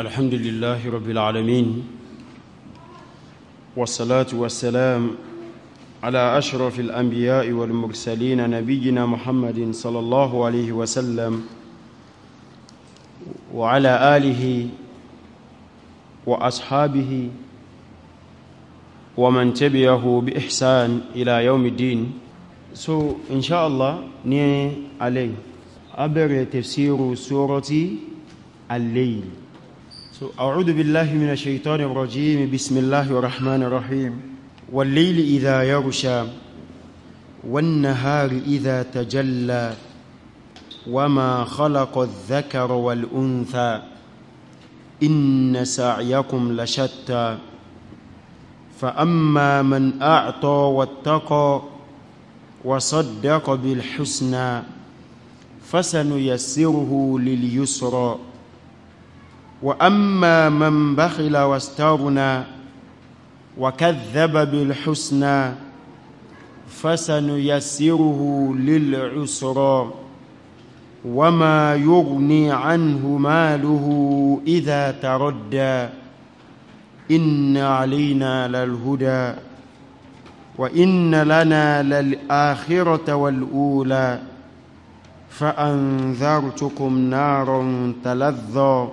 الحمد لله رب العالمين والصلاة والسلام على أشرف الأنبياء والمرسلين نبينا محمد صلى الله عليه وسلم وعلى آله وأصحابه ومن تبعه بإحسان إلى يوم الدين So, inshallah, شاء الله a عليه ابر تفسير سوره الليل So, أعوذ بالله من الشيطان الرجيم بسم الله الرحمن الرحيم والليل إذا يغشى والنهار إذا تجلى وما خلق الذكر والأنثى إن سعيكم لشتى فأما من أعطى واتقى وصدق بالحسنى فسنيسره لليسرى وأما من بخل واستغنى وكذب بالحسنى فسنيسره للعسرى وما يغني عنه ماله إذا تردى إن علينا للهدى وإن لنا للآخرة والأولى فأنذرتكم نارا تلظى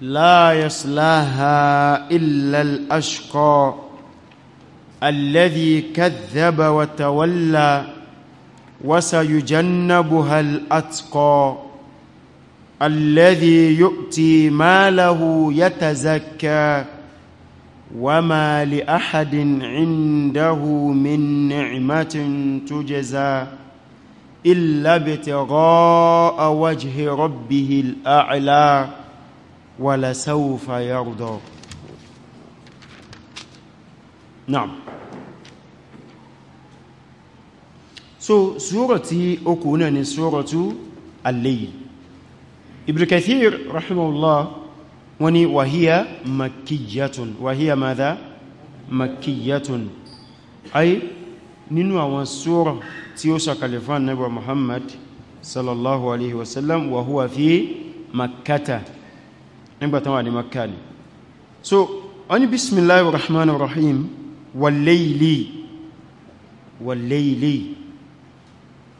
لا يصلاها إلا الأشقى الذي كذب وتولى وسيجنبها الأتقى الذي يؤتي ماله يتزكى وما لأحد عنده من نعمة تجزى إلا ابتغاء وجه ربه الأعلى ولسوف يرضى نعم so sura tí ó kù náà ni suratu al-Layl Ibn Kathir rahimahullah wọ́n ní wahiya makkiyatun wahiya madha makkiyatun ay nínú àwọn sura tí ó sọ̀kalẹ̀ fún Ànábì Muhammad sallallahu alaihi wasallam wa huwa fi makkata nígbàtán wà ní makka ni so wọ́n ni bismillahir rahmanir rahim wal-layli wal-layli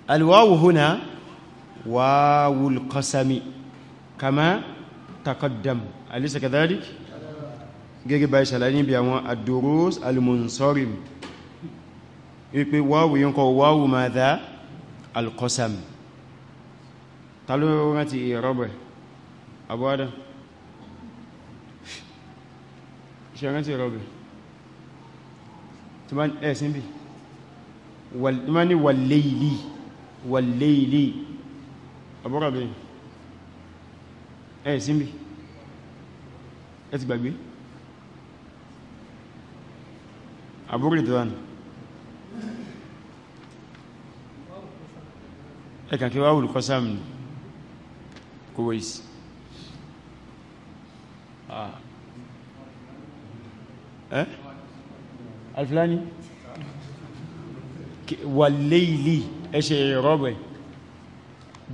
alwawu huna wawul qasami kama taqaddam alisa kadhalik gẹ́gẹ́ bá ìṣàlàyé níbi àwọn ad-durus al-munsarim wípé wáwù yíò wáwù máa dá al rántí ìrọ́bẹ̀ abúwádán ṣẹ̀rántí rọ̀bì tí wọ́n ẹ̀sìn bí wọ́n ni wàlèìlì wàlèìlì ọ̀bọ̀rọ̀bì ẹ̀sìn bí ẹ ti gbàgbé àbúrò tó wọ́n ẹ̀kà kí wá olùkọ́ sáàmì kò wọ́n ah alfilani wàléìlì ẹṣẹ́ rọ́bẹ̀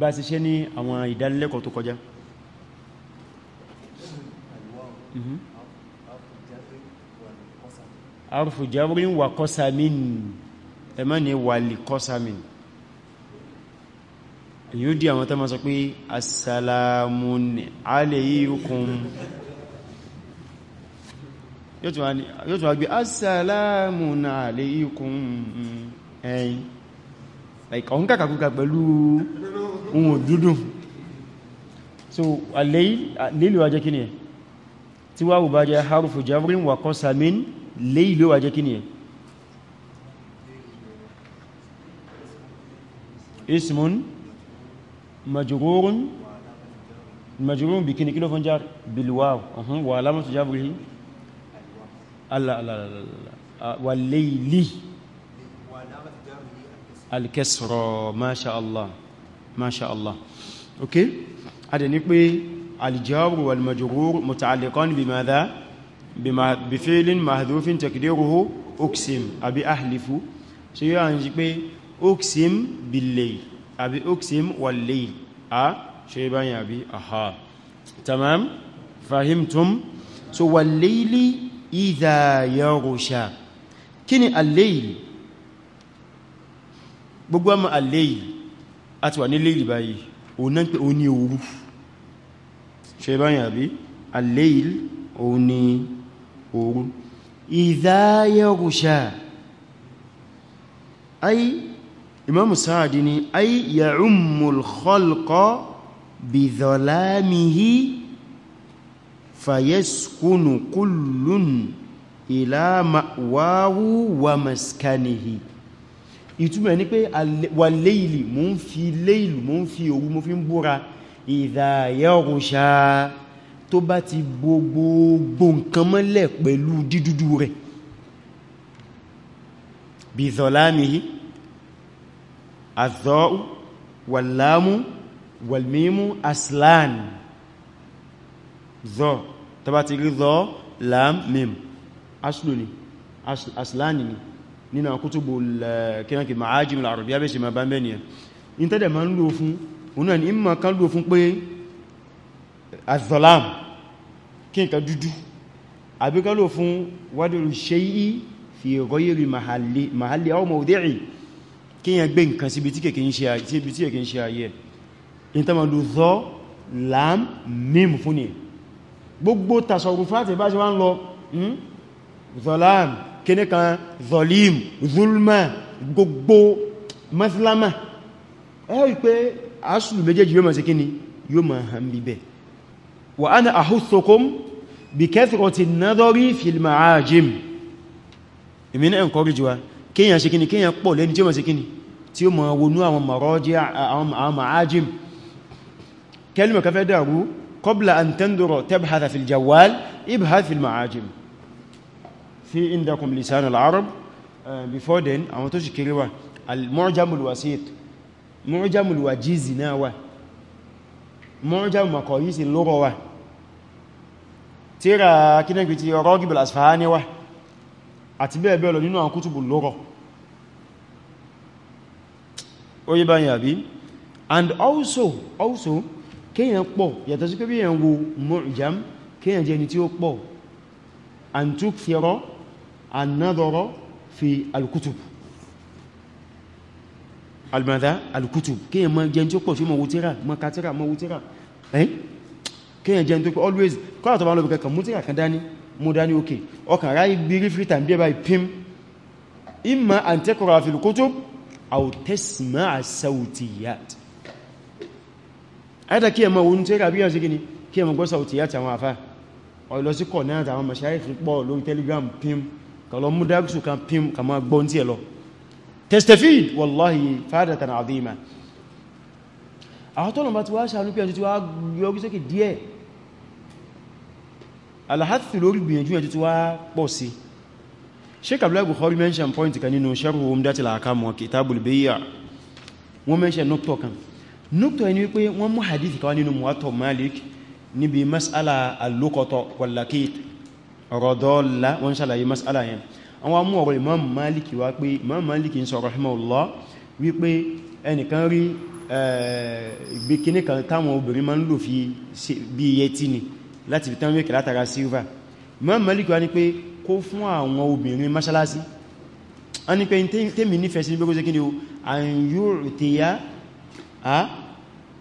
bá ti ṣe ní àwọn ìdánilẹ́kọ̀ọ́ tó kọjá mhm. arfu jabrin wa qasamin ẹmọ́ ni wàlì qasamin èyí ó àwọn tó sọ pé assalamun alaykum yóò tún wá gbé assalamun alaykum ẹ̀yìn ẹ̀kọ̀ ń kàkàkùkà pẹ̀lú ohun dúdùn so aléìlú wa jẹ́ kí ni ẹ̀ tí wáwù bá jẹ́ harufu jabrin wa qasamin léìlú wa jẹ́ kí ni ẹ̀ ismun majrurun majrurun bí kí ni kí ló fún jar bilwaw wa alamatu jabrihi Allah Allah Allah wal-layli al-kasra ma sha Allah ma sha Allah okay adẹ̀ ní pé al-jar wal-majrur muta'alliqan bimadha bima bi fi'lin mahdhufin taqdiruhu uqsim abi ahlifu so yo an ji pé uqsim bil-layl abi uqsim wal a ṣe bayan aha tamam fahimtum so wal ìdá yọrùṣà kí ni al-layl gbogbo ọmọ al-layl a ti wà ní layl báyìí o náà pé o ní òru ṣe báyìí àbí al o ní òru ìdá yọrùṣà ayi imamu sáàdì ni ayi ya'ummul khalqa bi dhalamihi fayaskunu kullun ila ma'wahu wa maskanihi ìtumọ̀ ní pé wà léìlì mú ń fi léìlì mú ń fi òru mú fi ń búra ìdáyẹ̀rùṣà tó bá ti gbogbo nǹkan mọ́lẹ̀ pẹ̀lú dídúdú rẹ̀ bí tọba ti rí zọ lam mim aṣlò ni aṣláni ni nínú àkútùbò eh, kíránkì ma'ájìm al-arabiyya bẹ́ ṣe ma bá mẹ́ni ẹ̀ in tẹ́dẹ̀ ma ń lò fún oná ni ìmọ̀ kan lò fún pé azọ́lám kí n ka dúdú àbí kan lò fún wádìí ṣe'í fi ghayri mahalli aw mawdi'i kí yẹn gbé nǹkan síbi tí kèkè ń ṣe gbogbo tasọrùfáàtì bá ṣe wá ń lọ hmm? zolam kíní kan zolim zulma gbogbo maslama ẹ́ rí pé asùlù méjèèjì yóò mọ̀ sí kíní yóò mọ̀ hàn bíbẹ̀ wa ana ahussokum bi kathrati nadhari fil ma'ajim èmi náà encourage wa kíyàn ṣe kíní kíyàn pọ̀ lẹ́ni tí ó mọ̀ sí kíní tí ó mọ̀ wọnú àwọn maraji àwọn kẹ́lùmọ̀ kẹfẹ́ dàrú قبل أن تندر تبحث في الجوال ابحث في المعاجم في عندكم لسان العرب before then àwọn tó ṣìkiri wa al-mu'jamul wasit mu'jamul wajizi náà wa mu'jamul makọ̀yísí lọ́rọ̀ wa tíra kínẹ́gbì ti Ragib al-Asfahani wa àti bẹ́ẹ̀ bẹ́ẹ̀ lọ nínú àwọn kútùbù lọ́rọ̀ ó yí báyìí àbí and also also kéèyàn pọ̀ yàtọ̀ sí pé bí èèyàn wo mu'jam kéèyàn jẹ́ ẹni tí ó pọ̀ an tukthira an-nadhara fi al-kutub al-madha al-kutub kéèyàn máa jẹ́ tí ó pọ̀ sí mọ̀ wútíra mọ̀ kátírà mọ̀ wútíra kéèyàn jẹ́ tó pọ̀ always kọ́nà tó bá lọ́bẹ̀ kẹkàn mútíra kan dání mú dání òkè ọkàn ráyí gbírí free time bí ẹbáyí pim imma an taqra fil kutub aw tasma'a sawtiyat àìdá kí ẹmọ ohun tí ràbíyàn sí gini kí ẹmọ gbọ́sà òtì yàtì àwọn àfá ọ̀lọ́síkọ̀ náà àwọn mọ̀ṣáyẹ̀fì pọ̀ lórí telegram pim kọlọ mú dágùsù kan pim ka ma gbọ́n tí ẹ lọ testafid wallahi fadatan azima àwọn tọ́lọ̀ bá ti wá ṣàánú pẹ̀lú ti wá yọrí sókè díẹ̀ alhassi lórí gbìyànjú ẹ̀tù ti wá pọ̀ sí sheik abdullahi bukhari núktọ̀ ẹni wípé wọ́n mú hadith kan nínú muwato malik níbi mas'ala alókọtọ wallakit rọ̀dọ́ọ̀lá wọ́n ṣàlàyé mas'ala yẹn àwọn mú ọ̀rọ̀ imam malik wá pé imam malik ń sọ rahimahullah wípé ẹnìkan rí ìgbékiní eh, kan táwọn obìnrin ma ń lò fi bí iye tí ni láti fi tán wékè látara silver imam malik wá ní pé kó fún àwọn obìnrin mọ́ṣálásí a ní pé tẹ́mi nífẹ̀ẹ́ sí ní gbogbo ṣe kí ni o àyúrùtìyà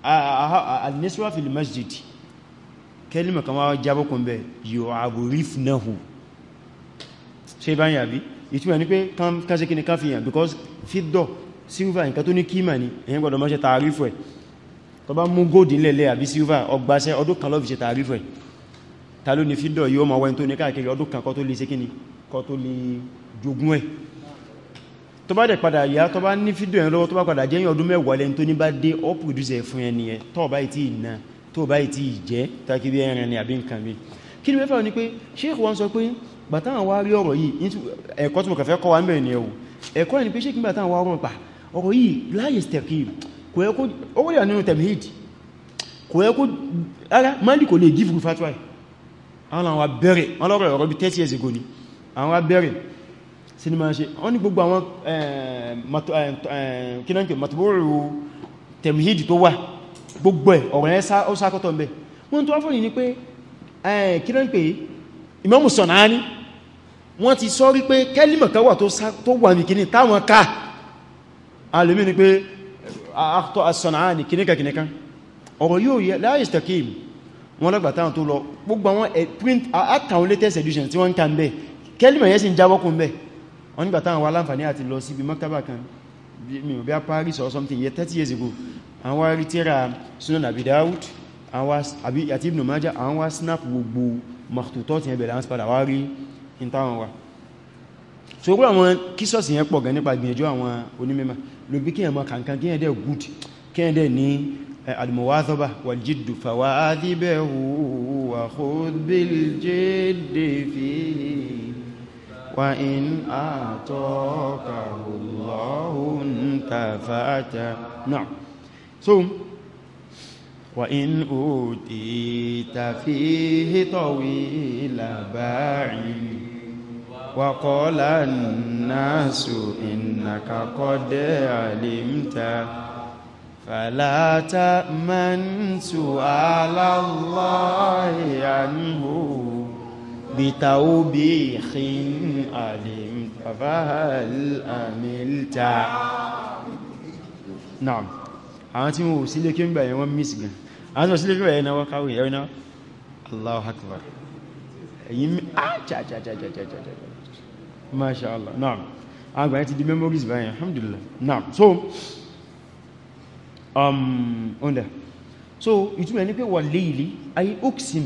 al-niswa fil masjid kẹ́lìmọ̀ kan wá jábọ́kùn bẹ̀ yóò àbúríf náà ṣe bá ń yàbí ìtumẹ̀ ní pé kán ṣe kí ni ká fi hàn because fídọ̀ silver nǹkan tó ní kíma ní ẹ̀yìn gbọ́dọ̀ mọ́ṣẹ́ tààrífù ẹ̀ tó bá mú góòdì lẹ́lẹ́ àbí silver ọgbàṣẹ́ ọdún kan lọ́fi ṣe tààrífù ẹ̀ ta ló ní fídọ̀ yóò mọ̀ wẹ́n tó ní káàkiri ọdún kan kọ́ tó lè ṣe kí ni kọ́ tó lè jogún ẹ̀ tó bá dẹ̀ padà yá tó bá ní fídíò ẹ̀rọ tó bá padà jẹ́yìn ọdún mẹ́wàá lẹ́n tó ní bá dé ó fún ẹni ẹ tó bá ìtì ìná tó bá ìtì ìjẹ́ takiri ẹran ni àbí nǹkan mi kí ni mẹ́fà ní pé sheikh wọn sọ pé gbàtàwọn wá rí ọ̀rọ̀ yìí ẹ̀kọ́ tí mo kẹfẹ́ kọ́ ni ẹ̀wò ẹ̀kọ́ ni pé sheikh gbàtàwọn wá ọ̀rọ̀ pa ọ̀rọ̀ yìí láyé stẹ̀kì kò yẹ kó ó wọ́n yà nínú tẹ̀míhìdì kò yẹ kó ara mali sinima ṣe wọ́n ní gbogbo àwọn kínáǹkì matuburu temhidi tó wà gbogbo ẹ̀ ọ̀rọ̀ ẹ́ ó sákọ́tọ̀ ń bẹ̀ wọ́n tó wáfọ́ ní pé eh, kínáǹkì Imamu Sanani wọ́n ti sọ rí pé kẹ́límọ̀ kan wà tó wà ní kíní táwọn ká alùmí ni pé àtọ́ as-Sanani kíníkàkíníkan ọ̀rọ̀ yóò yẹ la yastaqim wọ́n lọ́gbà táwọn tó lọ gbogbo àwọn eh, print àtàwọn latest edition tí wọ́n ń ka ń bẹ̀ kẹ́límọ̀ yẹ́ sì ń jáwọ́kùn wọ́n nígbà táwọn wá láǹfààní àti lọ síbi maktaba kan mi ò bí a Paris or something yẹ 30 years ago àwọn wá rí tírà Sunan Abi Dawud àti Ibn Majah àwọn wá snap gbogbo maktutọ́ ti ẹbẹ̀rẹ̀ àwọn spadà wá rí in táwọn wá so gbọ́ àwọn kísọ́sì yẹn pọ̀ gan nípa gbìyànjú àwọn onímẹ́mà ló bí kí ẹmọ kankan kí ẹdẹ good kí ẹdẹ ní al wa khudh bil وإن أعطاكه الله انتفعت نعم ثم وإن أوتيت فيه طويل باع وقال الناس إنك قد علمت فلا تأمن سؤال الله عنه بتوبيخ علمت فهل أملت نعم àwọn tí mo wò sílé kí ń gbà yẹn wọ́n miss gan àwọn tí mo sílé kí wà yẹn náwọ́ káwò yẹn náà Allahu Akbar èyí mi àjàjàjàjàjàjàjà Masha Allah naam àgbà yẹn ti so um under so ìtumọ̀ ní pé wà léèlé ayé oxim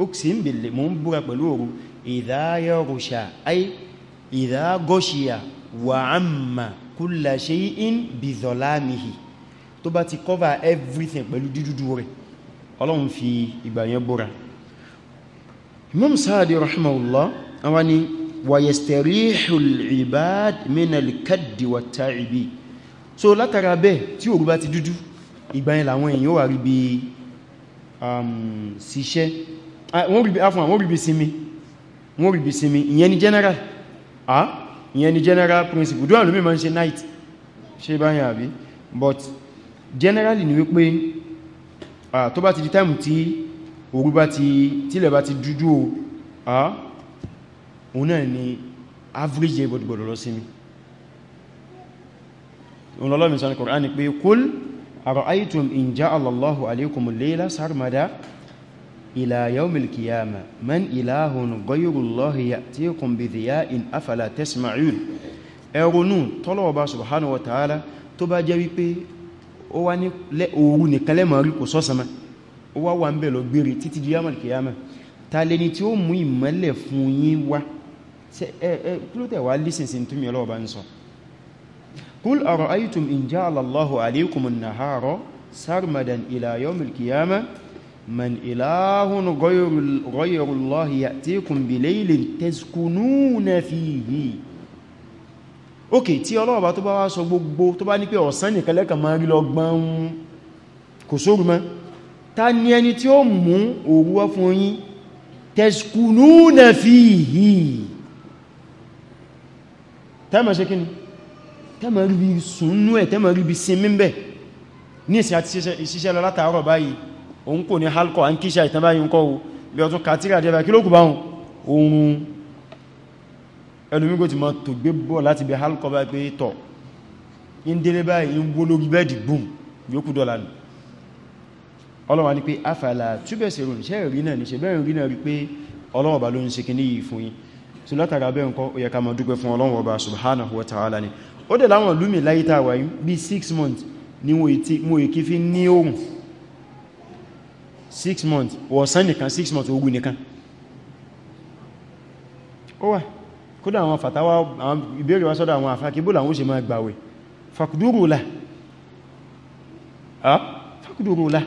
أقسم بالله منبرة بلور إذا يغشى أي إذا غشي وعم كل شيء بظلامه tó bá ti cover everything pẹ̀lú dídúdú rẹ̀ ọlọ́run fi ìgbà yẹn búra imam sáàdì rahimahullah àwọn ni wa yastarihu al-ibad min al-kaddi wa ta'ibi so látara bẹ́ẹ̀ tí òru bá wà rí bí um, ṣiṣẹ́ Ah, wọ́n ríbi sinmi wọ́n ríbi sinmi ìyẹn ni general ah ìyẹn ni general principle dúwà lómi ma ń ṣe night ṣe báyìí àbí but generally ni wípé ah, tó bá ti di time tí òru bá ti tílẹ̀ bá ti dúdú o ah òun náà ni average everybody gbọ́dọ̀ lọ sinmi olọ́lọ́mìsàn Kùránì pé kúl àrọ̀ àìtùm in ja'ala Allahu alaykumul layla sarmada إلى يوم القيامة من إله غير الله يأتيكم بذياء أفلا تسمعون ẹ̀rọnú tọ́lọ̀ọba subhanahu wa ta'ala tó bá jẹ́ wípé ó wá ní òru nìkan lẹ́mọ̀ rí kò sọ́sánmá ó wá wà ń bẹ̀ lọ gbére títí di yamal kiyama ta lè ní tí ó mú ìmọ́lẹ̀ fún yín wá kí ló tẹ̀ sarmadan ila yawmil qiyamah من إله غير, غير الله يأتيكم بليل تسكنون فيه okay tí Ọlọ́run bá tó bá wá sọ gbogbo tó bá ní pé ọ̀sán nìkan lẹ́kàn máa rí lọ́gbọ́n kò sóòrùn mọ́ ta ní ẹni tí ó mú òru wá fún yín تسكنون فيه tẹ́mọ̀ ṣe kíni tẹ́mọ̀ rí bí sùn nú ẹ̀ tẹ́mọ̀ rí bí sinmi bẹ̀ ní ìsìn àti ṣiṣẹ́ lọ látàárọ̀ báyìí òun kò ní halkọ̀ an kíṣà ìtànbáyí ǹkọ́ o bí ọtún kàtíkà jẹba kí ló kù báhùn oòrùn ẹlùmígbò ti mọ́ tó gbé bọ́ láti bí halkọ̀ bá pé tọ̀ in délé báyìí ń wó lórí bẹ́ẹ̀dì boom yóò kú ni nù ọlọ́wà ní pé afàlà túbẹ̀sẹ̀ rùn ṣẹ́ rí náà ní ṣe bẹ́ẹ̀ rí náà rí pé ọlọ́wọ̀ba ló ń ṣe kí ní yìí fún yín tí látara bẹ́ẹ̀ wa ta'ala ni months ni mo èkí fi six months wọ̀sán nìkan six months ogun nìkan ó wà kódà àwọn fàtàwà àwọn ìbéèrè wá sọ́dọ̀ àwọn àfákibó làwọn òṣèmọ́ ẹgbàwẹ̀ fàkùdúrùlà fàkùdúrùlà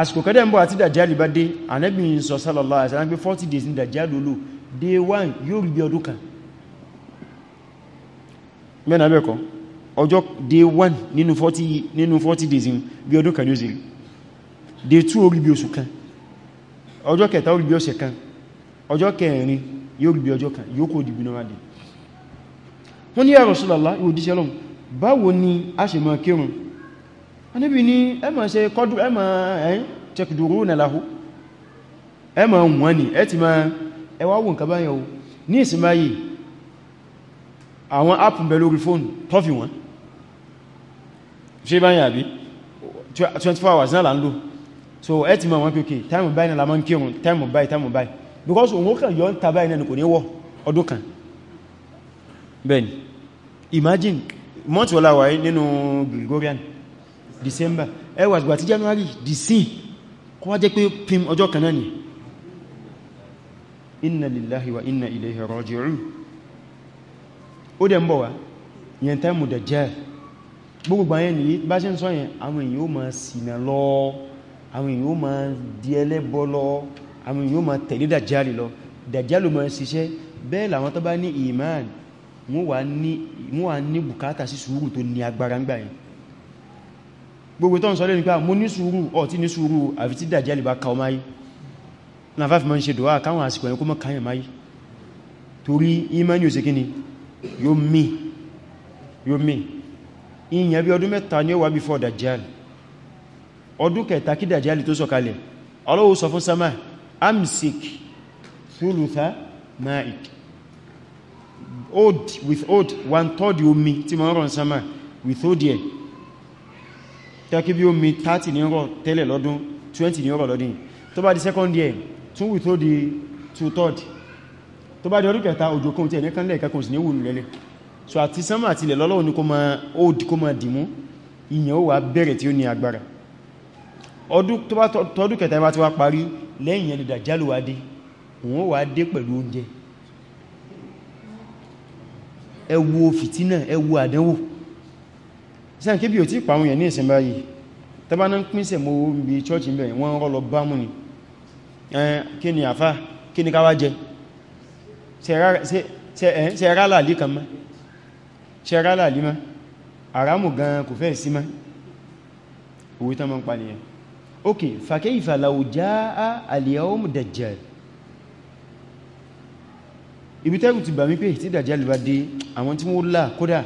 àsìkò kẹ́dẹ̀ ń bọ̀ àti dàjálì bá dé Ànábì sọ sallallahu alaihi wasallam pé 40 days ní dàjálì olú day 1 yóò rí bí ọdún kan mẹ́nà bẹ́ẹ̀kọ́ ọjọ́ day 1 nínú 40 nínú 40 days bí ọdún kan yóò sì rí day 2 orí bí oṣù kan ọjọ́ kẹta orí bí ọ̀sẹ̀ kan ọjọ́ kẹrin yóò rí bí ọjọ́ kan yóò kó dìbì náà dì wọ́n ní ya Rasulullah ìwò díṣẹ́ lọ́m báwo ni a ṣe máa kírun Ànábì ní ẹ máa ṣe kọ́dù ẹ máa ẹ̀yìn tẹkùdùrú nà láhú ẹ máa wọ́n ni ẹ ti máa ẹwà wọ́n kaba yẹ̀wò ní ìsinmáyì àwọn app bẹ lórí fóònù tọ́fì wọn ṣe báyìí àbí 24 hours náà là ń lò so ẹ ti ma wọn pé time by na la mọ́ kírun time by time by because òun kàn yọ ń ta báyìí nẹnu kò ní wọ́ ọdún kan bẹ́ẹ̀ni imagine month wọ́la wà nínú Gregorian December ẹ wà gbà tí January dc kọ́ wá jẹ́ pé pim ọjọ́ kan náà ni inna lillahi wa inna ilayhi raji'un ó dẹ̀ ń bọ̀ wá yẹn táìmù dẹ̀ jẹ́ gbogbo gbà yẹn àwọn èèyàn ó máa di ẹlẹ́bọ lọ àwọn èèyàn ó máa tẹ̀lé dàjálì lọ dàjálì máa ṣiṣẹ́ bẹ́ẹ̀ làwọn tó bá ní iman wọ́n wà ní bùkátà sí sùúrù tó ní agbára ń gbà yẹn gbogbo tó ń sọ lẹ́nu pé mo ní sùúrù ọ̀tí ní sùúrù àfi tí dàjálì bá kaọ máyí náà fáfí ma ń ṣe dùwà káwọn àsìkò ẹ̀kọ́ mọ́ káyẹ̀ máyí torí imani òsì kíni yóò mí ìyẹn bí ọdún mẹ́ta ni ó wà bí fọ́ dàjálì ọdún kẹta kí dàjálì tó sọ̀kalẹ̀ ọlọ́wọ́ sọ fún sama amsik thulutha ma'ik old with old one third omi tí ma ń rọ̀ sama with old yẹ tẹ́kí bí omi 30 ní rọ̀ tẹ́lẹ̀ lọ́dún 20 ní rọ̀ lọ́dún tó bá di second year tún with old two third tó bá di ọdún kẹta òjò kan tí ẹ̀nẹ́kan lẹ́ẹ̀kẹ́ kò sì ní wùn lẹ́lẹ̀ so àti sama àti ilẹ̀ lọ́lọ́wọ́ ní kó ma old kó ma dìmú ìyẹn ó wà bẹ̀rẹ̀ tí ó ní agbára ọdún tó bá tọdún kẹta bá ti wá parí lẹ́yìn yẹn Dàjálù wá dé wọ́n wá dé pẹ̀lú oúnjẹ ẹ wo fìtínà ẹ wo àdánwò sáà kébí ò tí pàwọn èèyàn ní ìsìn báyìí tàbánà ń pín sẹ̀mọ́ bí chọ́ọ̀chì ń bẹ̀rẹ̀ wọ́n rọ́ lọ bá mú ni kí ni àfá kí ni káwá jẹ ṣe ẹ̀rá làlí kan mọ́ ṣe ẹ̀rá làlí mọ́ àrámù gan kò fẹ́ sí mọ́ òwe tán mọ́ ń pa nìyẹn ok fàkẹ́yìfà làwùjá al-yawm dajjal ibi tẹ́rù ti bà mí pé tí dajjal bá dé àwọn tí wọ́n lá kódà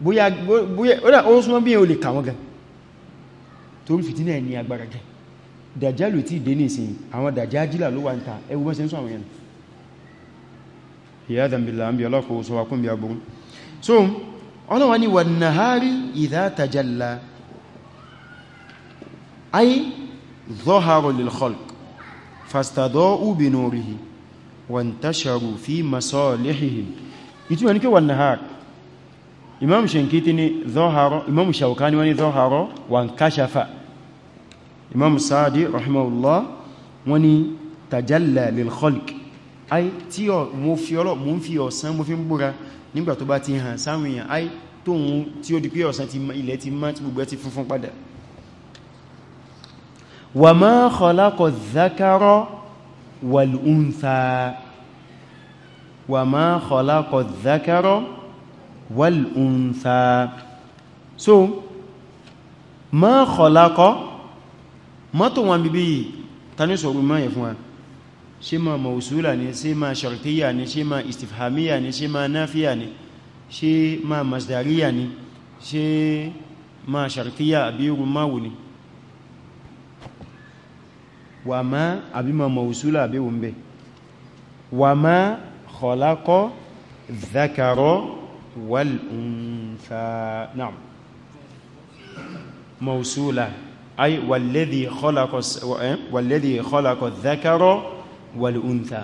bóyá bóyá ó súnmọ́ bí i o lè kà wọ́n gan torí fìtínà ẹni agbára gan dajjal tí dé ní ìsìn àwọn dajjajila ló wà ń ta ẹwú mọ́ sẹ́nsọ́ so ọlọ́wà ni wà nàhárí ìdá tajalla ayé ظهر للخلق فاستضاءوا بنوره وانتشروا في مصالحهم يتم أنك والنهار imam shankitini zoharo imam shaukani wani zoharo wan kashafa imam sadi rahimahullah wani tajalla lil khalq ai tí ó mo fi olo mo fi ọ̀sán mo fi ń búra nígbà tó bá ti hàn sáwọn èèyàn ai tó hun tí ó di pé ọ̀sán ti ilẹ̀ ti ma ti gbogbo ti funfun padà wa ma khalaqa dhakara wal untha wa ma so ma khalaqa mọ́tò wọn bíbí tani sọ̀rọ̀ mọ́ yẹ fún wa ṣe ma mausula ni ṣe ma shartiya ni ṣe ma istifhamiya ni ṣe ma nafiya ni ṣe ma masdariya ni ṣe ma shartiya àbí irun ni wàmá ma mọ̀wùsúlà àbí wọ́n bẹ́ wà má khalaqo dhakaro wal untha na'am mọ̀wùsúlà ay walladhi khalaqo walladhi khalaqo dhakaro wal untha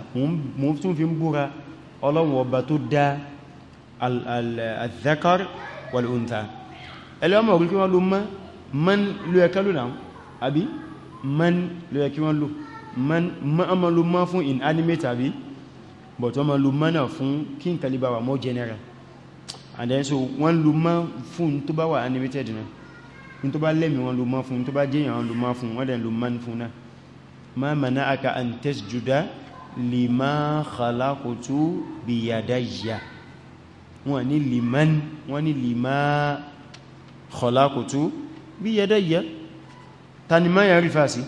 mú tún fi ń búra ọlọ́run ọba tó dá al-dhakar wal untha ẹlẹ́wọ́n mọ̀ man ló yẹ kí wọ́n lò man ma lo man fún inanimate abi, but wọ́n ma lo man náà fún kí n kalibà wà more general and then so wọ́n lo man fun, tó ba wa animated na. in tó bá lẹ́mí wọn lo man fún tó bá jẹ́yàn wọn lo man fun. wọ́n dẹ̀ lo man fún náà ma aka an tasjuda lima khalaqtu biyadayya wọ́n ní liman wọ́n ní lima khalaqtu biyadayya tani ma yẹn rífà sí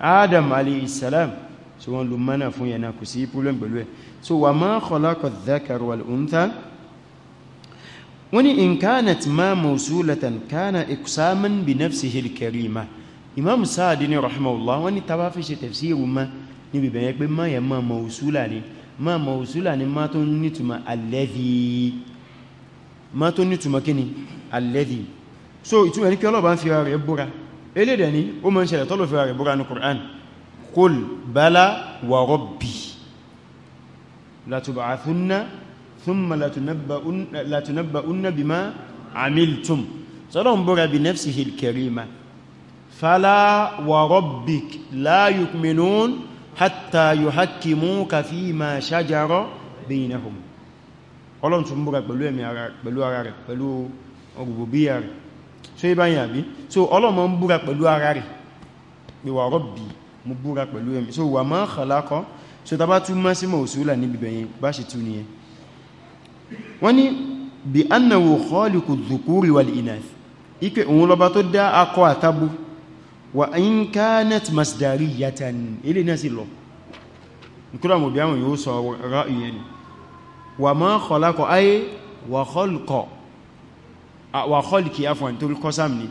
adam aleyhisselam so wọn lò mọ́nà fún yẹn náà kò problem pẹ̀lú ẹ̀ so wa ma khalaqa dhakara wal untha wọ́n ni in kanat ma mawsulatan kana iqsaman bi nafsihi al-karima imam sáàdì ní rahimahullah wọ́n ni tàbá fi ṣe tafsiru ma níbi bẹ̀rẹ̀ pé ma yẹ ma mawsula ni ma mawsula ni ma tó nítùmọ̀ alladhi ma tó nítùmọ̀ kíni alladhi so ìtumọ̀ ní kí ọlọ́bàá ń fi ara rẹ̀ búra elédẹ̀ ni ó mọ́ ń ṣẹlẹ̀ tọ́lọ̀ fẹ́ra rẹ̀ búra ní Qur'an qul bala wa rabbi la tub'athunna thumma la la latunabba'unna bima amiltum sọ́lọ̀ ń búra bi nafsihil karima fala wa rabbik la yu'minun hatta yuhakkimuka ma shajara bainahum olon tún búra pẹ̀lú ẹ̀mí ara rẹ̀ pẹ̀lú ọgbùgbò bí i rẹ̀ so ibá yìí àbí so ọlọ́mọ ń búra pẹ̀lú ara rẹ̀ pé wà rọ́bì mú búra pẹ̀lú ẹ̀mí so wà máa kàlákọ́ so ta bá tún mọ́ sí mọ̀súlà níbi bẹ̀yìn bá ṣe tún nìyẹn wọ́n ní bí wa ma khalaqa ayé wa khalqa Ah, wa khalqi afwan torí kọ́sàm ni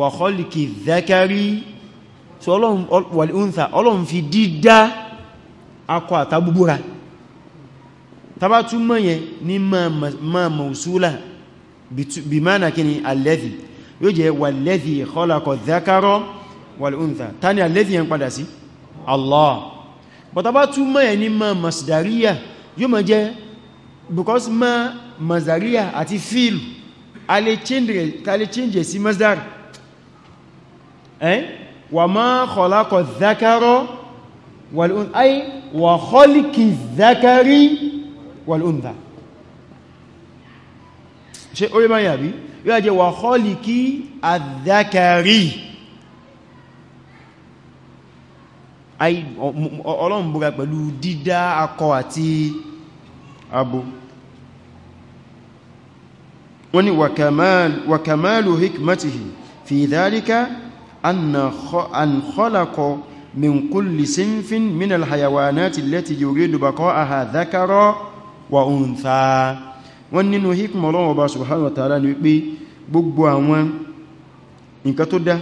wa khalqi dhakari so ọlọ́run wal untha ọlọ́run fi dídá akọ àtàbúbúra tàbá tún mọ́ yẹn ní ma mausula bí má na kí ni alladhi yóò jẹ́ walladhi khalaqa dhakara wal untha ta ni alladhi yẹn padà sí Allah but tàbá tún because ma masdariya àti fíìlù a lè change sí masdar ẹ́n eh? wà máa kọlákọ̀ zakarọ wàlún ayi wà kọlíkì zakari wàlún dá ṣe orí máa yàbí yóò jẹ wà kọlíkì àzakari ọlọ́mbùra pẹ̀lú dídá akọ àti abo wọ́n ni wàkàmàlù hikmatihi fi dhalika an khalaqa min kulli sinfin min alhayawanati allati yuridu baqa'aha dhakara wa untha wọ́n nínú hikma Ọlọ́run Ọba subhanahu wa ta'ala ni wípé gbogbo àwọn nǹkan tó dá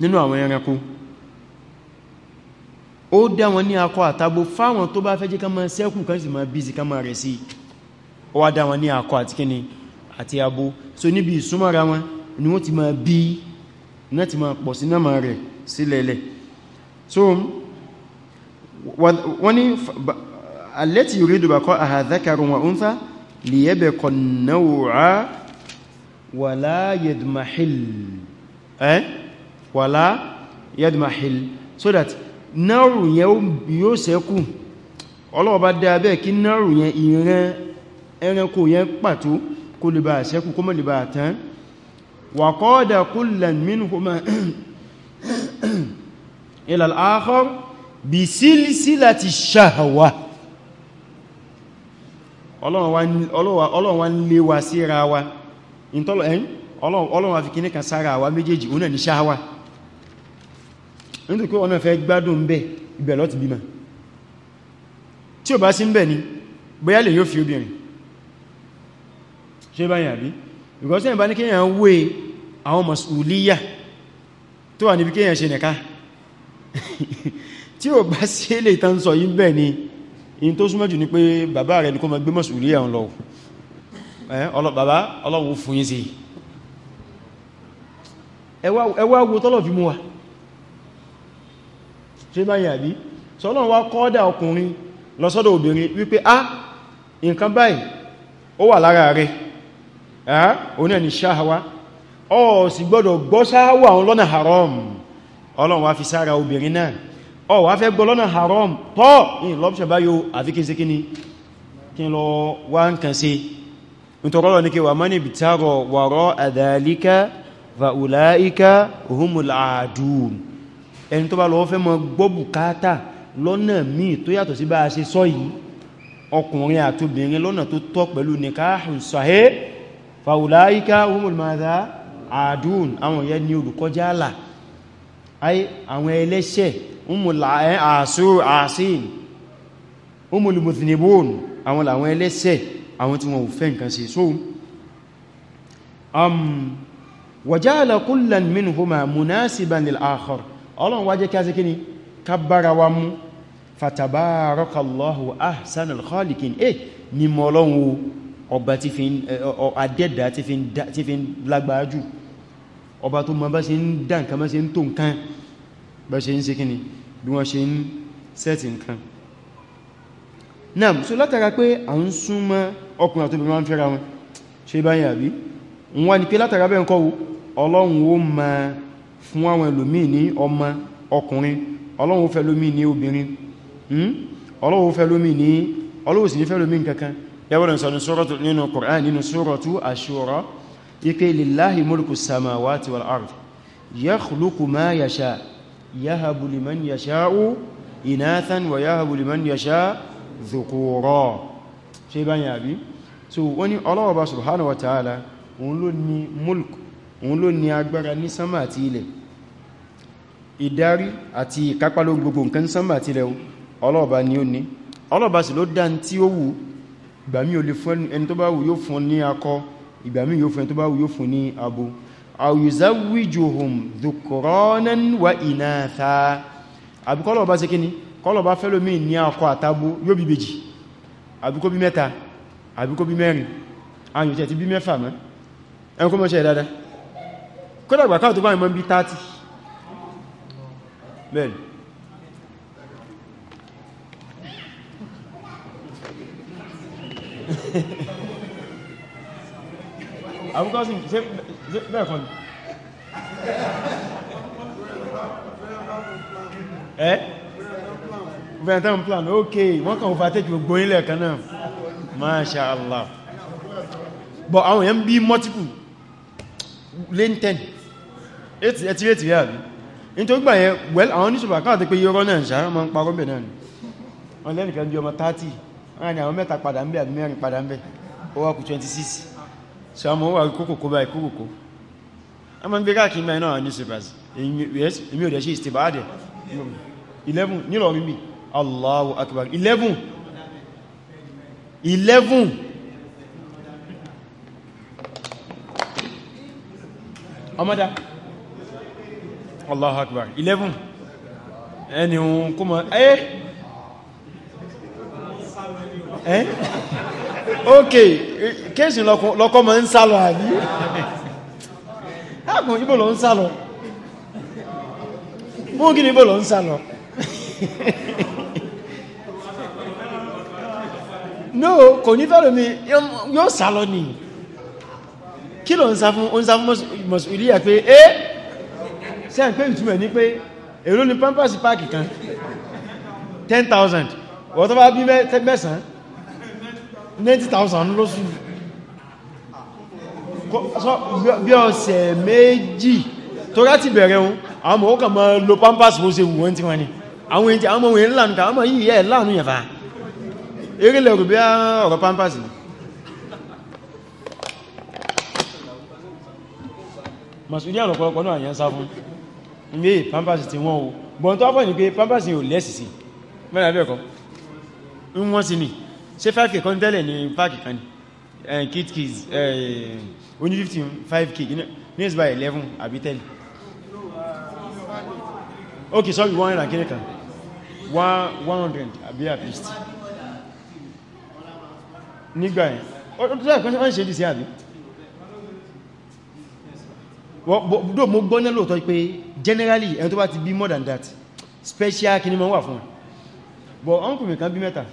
nínú àwọn ẹranko ó dá wọn ní akọ àtabo fáwọn tó bá fẹ́ jẹ́ ká máa ṣẹ́kù kan sì máa bí sí ká máa rẹ̀ sí ó wá dá wọn ní akọ àti kíni àti abo so níbi ìsúnmọ́ra wọn ni wọ́n ti máa bí náà ti máa pọ̀ sí náà máa rẹ̀ sílẹ̀lẹ̀ so wọ́n ni alẹ́tì yuridu baqa'a aha dhakarun wa untha liyabqa an-naw'a wala yadmahil eh wala yadmahil so that náàrù yẹn yóò sẹ́kù ọlọ́ọ̀bá dáa bẹ́ẹ̀ kí náàrù yẹn ẹranko yẹn pàtó kó lè bá ṣẹ́kù kó mọ́ lè bá tán wà qada kullan minhuma ila al-akhar bi silsilati shahwa ọlọ́run wa ń lé wa síra wa ọlọ́run wa fi kíní kan sára wa méjèèjì ó náà ní ṣáhwa nítorí pé ọ̀nà fẹ́ gbádùn ń bẹ ibẹ̀ ló ti bímọ tí ò bá sí ń bẹ ní bóyá lè yóò fi obìnrin ṣe báyìí àbí because ẹ̀yìn bá ní kíyàn wé àwọn masuliya tó wà níbi kíyàn ṣe nìká tí ó bá sí ilé ìtàn sọ yí bẹ́ẹ̀ ni in tó súnmọ́ jù ní pé bàbá rẹ̀ ní kó ma gbé masuliya ń lọ bàbá ọlọ́run fún wa ṣe báyìí àbí sọ́lọ́run wá kọ́ọ́dà ọkùnrin lọ sọ́dọ̀ obìnrin wípé ah nǹkan báyìí ó wà lára rẹ̀ oní ẹni ṣáhàwá ọ sì gbọ́dọ̀ gbọ́ ṣáhàwá àwọn lọ́nà haram ọlọ́run wá fi sára obìnrin náà ọ wá fẹ́ gbọ́ lọ́nà haram tọ́ in lọ́pṣẹ̀ báyó àfi kí n ṣe kí ni kí n lọ wá ń kàn sí nítorọ́lọ́ ní kí wà mọ́ni bìtárọ̀ wọ̀rọ̀ àdàlíkà fàúláíkà humulaadùn ọkùnrin àtobìnrin lọ́nà tó tọ́ pẹ̀lú nìkáhùn sahih fàúláíká humul maza àdún àwọn yẹ ni olùkọjá àlà ayé àwọn ẹlẹ́ṣẹ̀ humul àṣín humul muthnibun àwọn àwọn ẹlẹ́ṣẹ̀ àwọn tí wọ́n fẹ́ nǹkan sí so wàjáàlá kullan minhuma munasiban lil akhar ọlọ́run wá jẹ́ kí a sí kíni kabbara wa mú eh ni mọ́ ọba tí fi ń adẹ́dà tí fi ń lágbára jù ọba tó mọ bá ṣe ń dá nǹkan bá ṣe ń tó nǹkan bá ṣe ń ṣe kíni bí wọ́n ṣe ń sẹ́ẹ̀tì nǹkan náà so látara pé à ń súnmọ́ ọkùnrin àti obìnrin máa ń fẹ́ra wọn ṣe báyìí àbí wọ́n ni pé látara bẹ́ẹ̀ kọ́ ọlọ́run ó ma fún àwọn ẹlòmíì ní ọmọ ọkùnrin ọlọ́run ó fẹ́ lómíì ní obìnrin hmm? ọlọ́run ó fẹ́ lómíì ní ọlọ́run sì ní fẹ́ lómíì kankan yẹ́wọ́n sọ nínú Qur'an nínú suratu Ashura ike lillahi mulku samawati wal ard yakhluqu ma yasha yahabu liman yasha'u inathan wa yahabu liman yasha' dhukura ṣe bá yàbí so wani Ọlọ́hun Ọba subhanahu wa ta'ala òun ló ní mulk òun ló ní agbára ní sánmà àti ilẹ̀ ìdarí àti ìkápá nǹkan sánmà àti ilẹ̀ Ọlọ́hun ni ó ní Ọlọ́hun sì ló dá tí ó wù ìgbà mí o lè fún ẹni tó bá wù yóò fún ní akọ ìgbà mí yóò fún ẹni tó bá wù yóò fún ní abo aw yuzawwijuhum dhukuranan wa inatha àbí kọ́lọ̀ bá ṣe ni kọ́lọ̀ bá fẹ́lò mí ní akọ àtabo yóò bí bèjì àbí kó bí mẹ́ta àbí kó bí mẹ́rin ayùn tẹ̀ ti bí mẹ́fà mọ́ ẹnkọ́ mọ́ ṣe dáadáa àbúkọ́sí ṣe Eh? kan ẹ́ vietnam plan Okay. wọ́n can overtake gbogbo ilẹ̀ kan náà masha Allah but àwọn èèyàn be multiple lane 10 It's it's it's àrí In gbà yẹn well I àwọn oníṣòwò àkáàtẹ́ pé yọ́rọ́ náà ṣàrá ma ń parọ́ bẹ̀ náà ni wọ́n lẹ́nìkan bí ọmọ 30 wọ́n ni àwọn mẹ́ta padà ń bẹ̀ àbí mẹ́rin padà ń bẹ̀ ó wá kù 26 so àmọ́ ó wà kókòkó báyìí kókòkó a ma ń gbé káàkiri mẹ́rin náà newspapers èmi ò dẹ̀ ṣe ìstìbáàdẹ̀ 11 nílọ̀ mímí Allahu akbar 11 ọmọdá Allahu akbar 11 ẹni ohun kó mọ̀ ẹ́ eh? ok kéèsì lọ́kọ́ mọ̀ ń sálọ àbí ẹkùn ah, ibò lọ ń sálọ mú kí ni ibò lọ ń sálọ no kò ní fẹ́rẹ̀ mi yóò sálọ ni kí lọ ń sá fún oúnjẹ mọ̀sùn ilé ẹ̀ pé ẹ́ sí à ń pé ìtumẹ̀ ní pé èrò ni pampers park kan 10,000 wọ́n tó bá bí mẹ́sàn-án 90,000 lóṣù bí ọ̀sẹ̀ méjì tó rá ti bẹ̀rẹ̀ ohun àwọn ọmọ òkà ma lo pampers bó ṣe wùn tí wọ́n ni àwọn èyí àwọn ohun èyí lànà àwọn yìí yẹ́ láàrin yẹ̀fà erílẹ̀ rò bí ọ̀rọ̀ pampers ni masudi àwọn ọ̀pọ̀lọpọ̀ náà yẹn sá fún ilé pampers ti wọ́n o bọ̀n tó wá fọ́ ní pé pampers ni ò lẹ́sìsì mẹ́rin abẹ́ẹ̀kọ́ ń wọ́n sí ni ṣe 5k kan tẹ́lẹ̀ ní park kan ní kid kids oní 15 5k ní is by 11 àbí 10 ok sorry 100 àkíní kan 100 àbí at least nígbà ẹ̀ o tó tẹ́lẹ̀ ṣe dì sí àbí wọ́n mo gbọ́ nílò tọ́ pé generally ẹni tó bá ti bí more than that special kí wà fún ẹ̀ but ọkùnrin kan bí mẹ́ta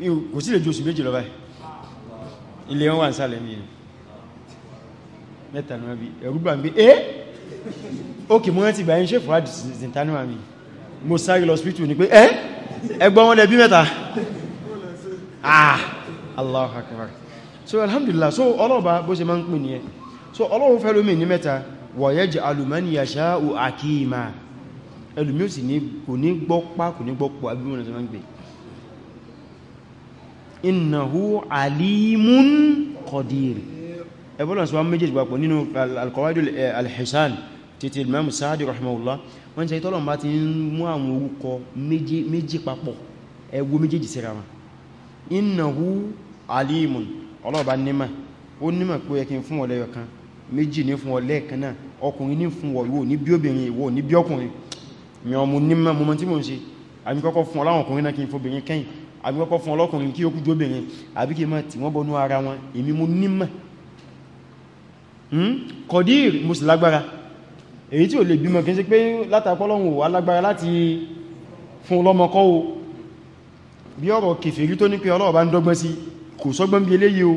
kò sí lè jù oṣù méjì lọ báyìí ilé wọn wà ń sálẹ̀ ní mẹ́ta náà bí ẹ̀rúgbà ń bí ẹ́ eh? òkè mọ́ rántí ìgbà yẹn ṣe fòrádì zintanua mi mo sáré lọ spiritu ni pé ẹ́ eh? ẹgbọ́n wọn lẹ́bí mẹ́ta ah Allahu Akbar so alhamdulillah so ọlọ́ọ̀bá bó ṣe máa ń so ọlọ́run fẹ́ lómi ní mẹ́ta wa yaj'alu man yasha'u akima ẹlùmí ò sì ní kò ní gbọ́pá kò innahu alimun qadir ẹbọ́lọ̀ sí wọ́n méjèèjì papọ̀ nínú alqawaidul eh, alhisan títí imam sáàdì rahimahullah wọ́n tẹ́ tọ́lọ̀ bá ti ń mú àwọn orúkọ méjì papọ̀ ẹgbó méjèèjì síra wọn innahu alimun ọlọ́ọ̀bá nímà ó nímà pé ẹkin fún ọ lẹ́yọ kan méjì ní fún ọ lẹ́ẹ̀kan náà ọkùnrin ní fún ọ ìwọ ní bí obìnrin ìwọ ní bí ọkùnrin mi ọmọ nímà mo mọ tí mo ń ṣe àmì kọ́kọ́ fún ọláwọn ọkùnrin náà kí n fóbìnrin àbí kọ́kọ́ fún ọlọ́kùnrin kí ó kú jóbìnrin àbí kí mọ́ tí wọ́n bọnú ara wọn èmi mo nímọ̀ kọ̀dír hmm? mo sì lágbára èyí tí ò lè bímọ kìí sí pé látàpọ́lọ́hun wà lágbára láti fún ọlọ́mọkọ́ o bí ọ̀rọ̀ kèfèrí tó ní pé Ọlọ́run bá ń dọ́gbọ́n sí kò sọ́gbọ́n bí eléyìí o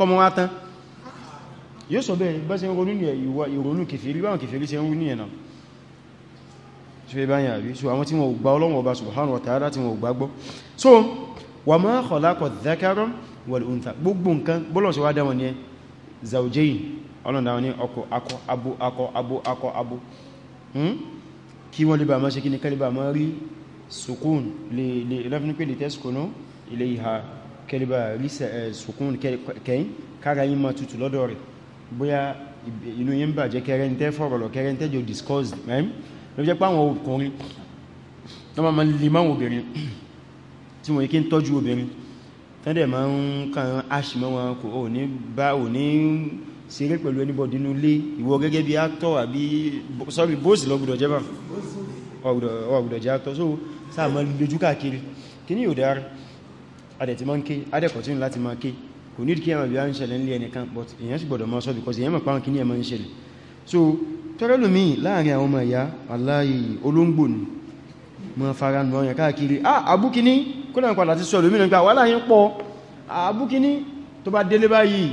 ní yóò sọ bẹ́ẹ̀ bá ṣe ń ronú ní ìwà ìrònú kèfèrí báwọn kèfèrí ṣe ń rú ní ẹ̀nà tí ó bá yà rí so àwọn tí wọ́n gba Ọlọ́run Ọba subhanahu wa ta'ala tí wọ́n gbá gbọ́ so wa ma khalaqa dhakara wal untha gbogbo nǹkan bọ́lọ̀ sí wá dáwọn hmm? máa ṣe kí ní kẹ́lẹ̀ bá máa rí sukun lè lẹ́fún pé lè tẹ́sùkúnú ilé ìhà kẹ́lẹ̀ bá rí sukun kẹ́yìn kára yí máa tutù bóyá inú yín bàjẹ́ kẹrẹntẹ́ fọ̀rọ̀lọ̀ kẹrẹntẹ́ jò discussed mẹ́m ló jẹ́ páwọn ọkùnrin tó máa lè máa obìnrin tí wọ́n yí kí ń tọ́jú obìnrin tẹ́dẹ̀ máa ń kàn áṣìmọ́ wọn kò ò ní bá actor àbí sorry boss lọ́gbùdọ̀ jẹ́ bá ọgbùdọ̀ jẹ́ actor so sáà máa lójú káàkiri kí ní ò dára adẹ̀ ti máa kò ní kí ẹmà bí a ń ẹnìkan but èyàn sì gbọ́dọ̀ máa sọ because èyàn mọ̀ pàwọn kí ní ẹmà ń ṣẹlẹ̀ so tọ́rọlùmí láàrin àwọn ọmọ ìyá aláì olóngbò ní mọ́ fara nù ọyàn káàkiri ah abúkiní kó náà padà ti sọ lómi nípa wà láàrin pọ̀ ah, abúkiní tó bá délé báyìí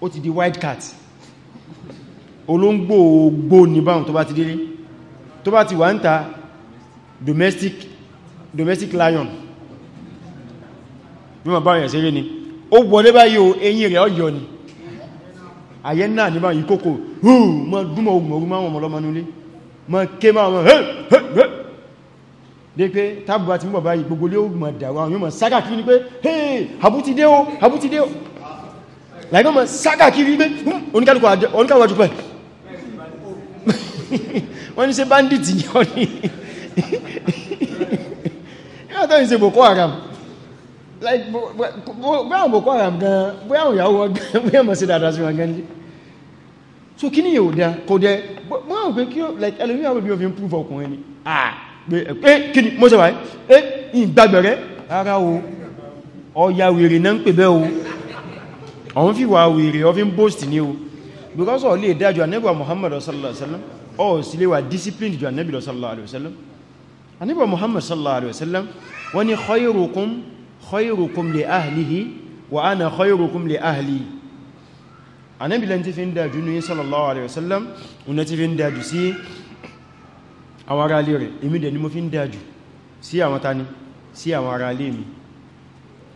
ó ti di white cat olóngbò gbò ní báhùn tó bá ti délé tó bá ti wà ń ta domestic domestic lion bí wọ́n báyàn ṣeré ni ó wọlé báyìí o eyín rẹ̀ ọyọ ni ayẹ́ náà ní báyìí kókò hùn mọ́ dúnmọ̀ ogun ogun máwọn ọmọlọ́mọ nílé mọ́ ké máwọn dé pé tábù àti mọ̀ báyìí gbogbo lé ogun àdàwà yóò mọ̀ sákàkiri ní pé hey àbútídé o àbútídé o láìpẹ́ mọ̀ sákàkiri pé oníkàlùkù àjọ pẹ̀ wọ́n ní ṣe bandit yọ ní yàtọ̀ ìṣẹ́bòkó haram like bóyá boko haram gan bóyá ìyàwó wọn gan bóyá mọ̀ sí dáadáa sí wọn gan lé so kí ní yóò dá kò dẹ bóyá òpin kí like ẹlòmí àwọn obìnrin fi ń prove ọkùnrin ni ah pé kí ni mo sẹ́wàá ẹ́ ìgbàgbẹ̀rẹ́ ara o ọya wèrè náà ń pè bẹ́ o ọ̀hún fi wà wèrè ọ fi ń boast ní o because ọ lè dájú anẹ́bà Muhammad sallallahu alaihi wasallam ọ sì lè wà disciplined ju anẹ́bà sallallahu alaihi wasallam anẹ́bà Muhammad sallallahu alaihi wasallam wọ́n ni khairukum khayrukum li ahlihi wa ana khayrukum li ahli Ànábì lan tí fi ń dájú ní sallallahu alaihi wasallam una tí fi ń dájú sí àwọn ará ilé rẹ̀ èmi dẹ̀ ni mo fi ń dájú sí àwọn tani sí àwọn ará ilé mi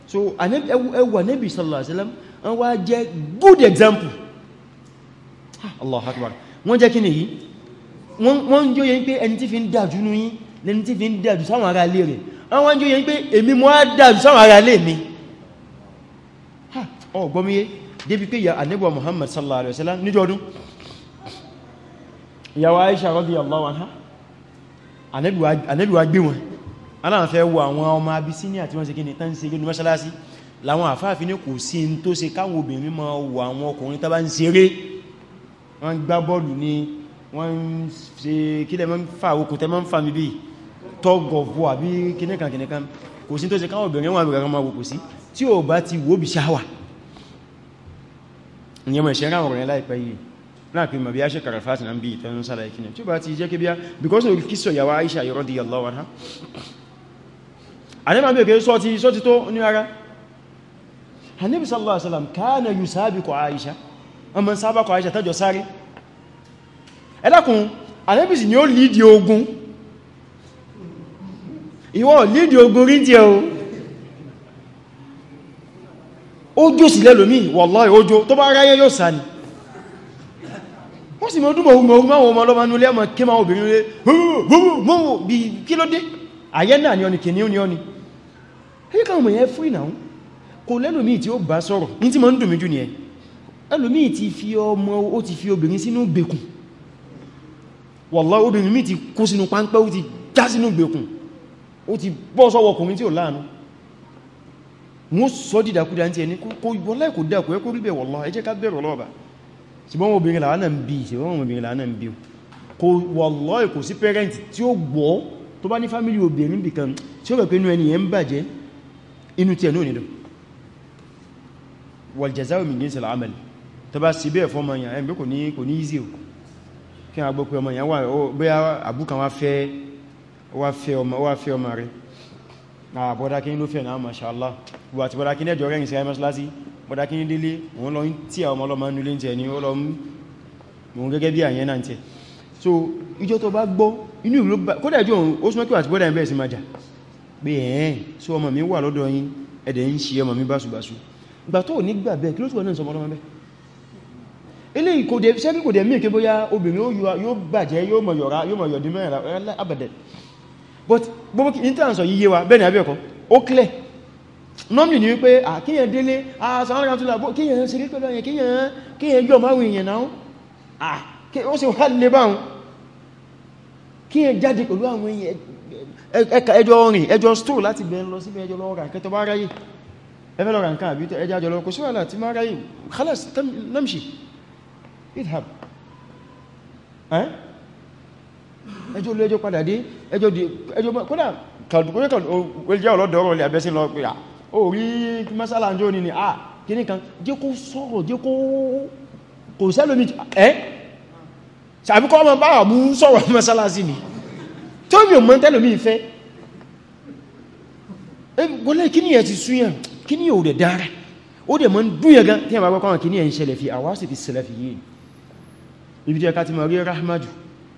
so Ànábì ẹwà Ànábì sallallahu alaihi wasallam wọ́n wá jẹ́ good example Allah akbar wọ́n jẹ́ kí ni yìí wọ́n ń jó yẹn pé ẹni fi ń dájú ní ẹni tí fi ń dájú sáwọn ará ilé rẹ̀ àwọn ajọ́ yẹn pé èmi mọ́ á dájú sáwọn ara lè mi ọgbọ́míyé débi pé ànẹ́bọ̀ Muhammad sallallahu alaihi wasallam níjọ́dún ìyàwó Aisha radiyallahu anha ànẹ́bíwá gbé wọn aláwọn fẹ́ wo àwọn ọmọ Abisini àti wọ́n ṣe kíni tán ṣe gínú mọ́ṣálásí láwọn àfáàfi ní kò sí n tó ṣe káwọn obìnrin ma ń ṣeré kílẹ̀ mọ́ ń fa okùn tẹ́ mọ́ ń fa mi bíi tug of war bí kìnnìkan kìnnìkan kò sí tó ṣe káwọn obìnrin wọn àgbẹ̀rẹ̀ ọmọ kò sí tí ó bá ti wó bí ṣáwà ìyẹn mọ̀ ìṣẹ́ra ọ̀rọ̀ yẹn láìpẹ́ yìí náà pé màbí aṣẹ́ because of kí sọ̀yàwó Aisha radiyallahu anha anẹ́bà bèèrè sọ ti sọ ti tó ní ara Ànábì sallallahu alaihi wasallam kana Aisha ọmọ sábàkọ̀ Aisha tẹ́jọ sáré ẹlẹ́kùn Ànábì sì ni ó lìdí ogun ìwọ nídìí ogun rí tí ẹ o ojú sí lẹ́lòmí wallahi ojú tó bá ráyẹ yóò sá ni wọ́n sì mọ́ dúnmọ̀ ogun ogun àwọn ọmọ ọlọ́mọ inú lẹ́mọ̀ kí máa obìnrin rẹ̀ mọ́wọ́ bí kí ló dé ayẹ́ náà ni ọni kì ní ó ní ọni ẹ̀yíká ọmọ yẹn fún ìnáwó kò ti fi ọmọ ó ti fi obìnrin sínú gbèkùn wallahi ti kó sínú páńpẹ́ ó ti já sínú gbèkùn ó ti bọ́ sọ́wọ́ ọkùnrin tí ò láàánú wọ́n sọ dìdàkúdà tí ẹni kó wọ́lá kò dákù ẹ kó rí bẹ̀wọ̀ lọ ẹ jẹ́ ká bẹ̀rọ lọ́ọ̀bà ṣùgbọ́n obìnrin làwọn náà ń bí ṣùgbọ́n obìnrin làwọn náà ń bí kò wọ́lọ́ kò sí pẹ́rẹ́ntì tí ó gbọ́ tó bá ní fámílì obìnrin bìkan tí ó rẹ̀ pé inú ẹni yẹn ń kí wọ́n gbọ́ pé ọmọ yẹn wà bẹ́ẹ̀ àbúkan wá fẹ́ wá fẹ́ ọmọ rẹ̀ ah, bọ́dákín ló fẹ́ náà mashallah wà tí bọ́dákín ẹjọ́ rẹ̀ ìsẹ́ mọ́sálásí bọ́dákín délé wọ́n lọ tí àwọn ọlọ́mọ nílé ń tẹ̀ ní ọlọ́mọ gẹ́gẹ́ bí àyẹ́ náà tẹ̀ so ìjọ tó bá gbọ́ inú ìlú kódà jọ ó súnmọ́ kí wà tí so ọmọ mi wà lọ́dọ̀ yín ẹ̀dẹ̀ ń ṣe ọmọ mi báṣubàṣu ìgbà tó ní gbà bẹ́ẹ̀ kí ló túnbọ̀ náà sọmọ ọlọ́mọ bẹ́ẹ̀ ilé ìkòdẹ̀ sẹ́kì kòdẹ̀ mí kí bóyá obìnrin yóò but gbogbo kí ní tàǹsọ̀ yíye wa bẹ́ẹ̀ ni àbí ẹ̀kọ́ ó clear normally ni wípé àkíyàn délé àṣàrànlọ́gbọ̀n kíyàn ṣe rí pẹ̀lú ẹ̀yẹn kíyàn yọ máwùn èèyàn náà ó sì wà lè báhùn kíyàn jáde pẹ̀lú àwọn èèyàn stool láti bẹ̀rẹ̀ lọ síbẹ̀ ẹjọ́ lọ́ọ̀rà kẹtọ bá ráyè ẹfẹ́ lọ́ọ̀rà nǹkan àbí ẹjọ́ àjọ lọ́kọ̀ síwàlá tí namshi idhab eh ẹjọ́ ló ẹjọ́ padà dé ẹjọ́ di ẹjọ́ kódà kàdùkúrẹ́ kàdùkúrẹ́ ọlọ́dọ̀ ọ̀rọ̀ ilẹ̀ abẹ́sí lọ pé à ó rí mẹ́sàlá jọ ní ni à kíní kan jẹ́ kó sọ̀rọ̀ jẹ́ kó kò sẹ́lómi ẹ́ sàbíkọ́ ọmọ bá àbú sọ̀rọ̀ mẹ́sàlá sí ni tó mi ò mọ́ tẹ́lómi ìfẹ́ gbọ́lẹ̀ kíní ẹ̀ ti súyàn kíní ò dẹ̀ dára ó dẹ̀ mọ́ ń dúyẹ̀ gan tí ẹ̀ bá gbọ́kọ́ kíní ẹ̀ ń ṣẹlẹ̀ fi àwásìtì sẹlẹ̀ fi yìí ibi tí ẹ ká ti mọ̀ rí rahmadu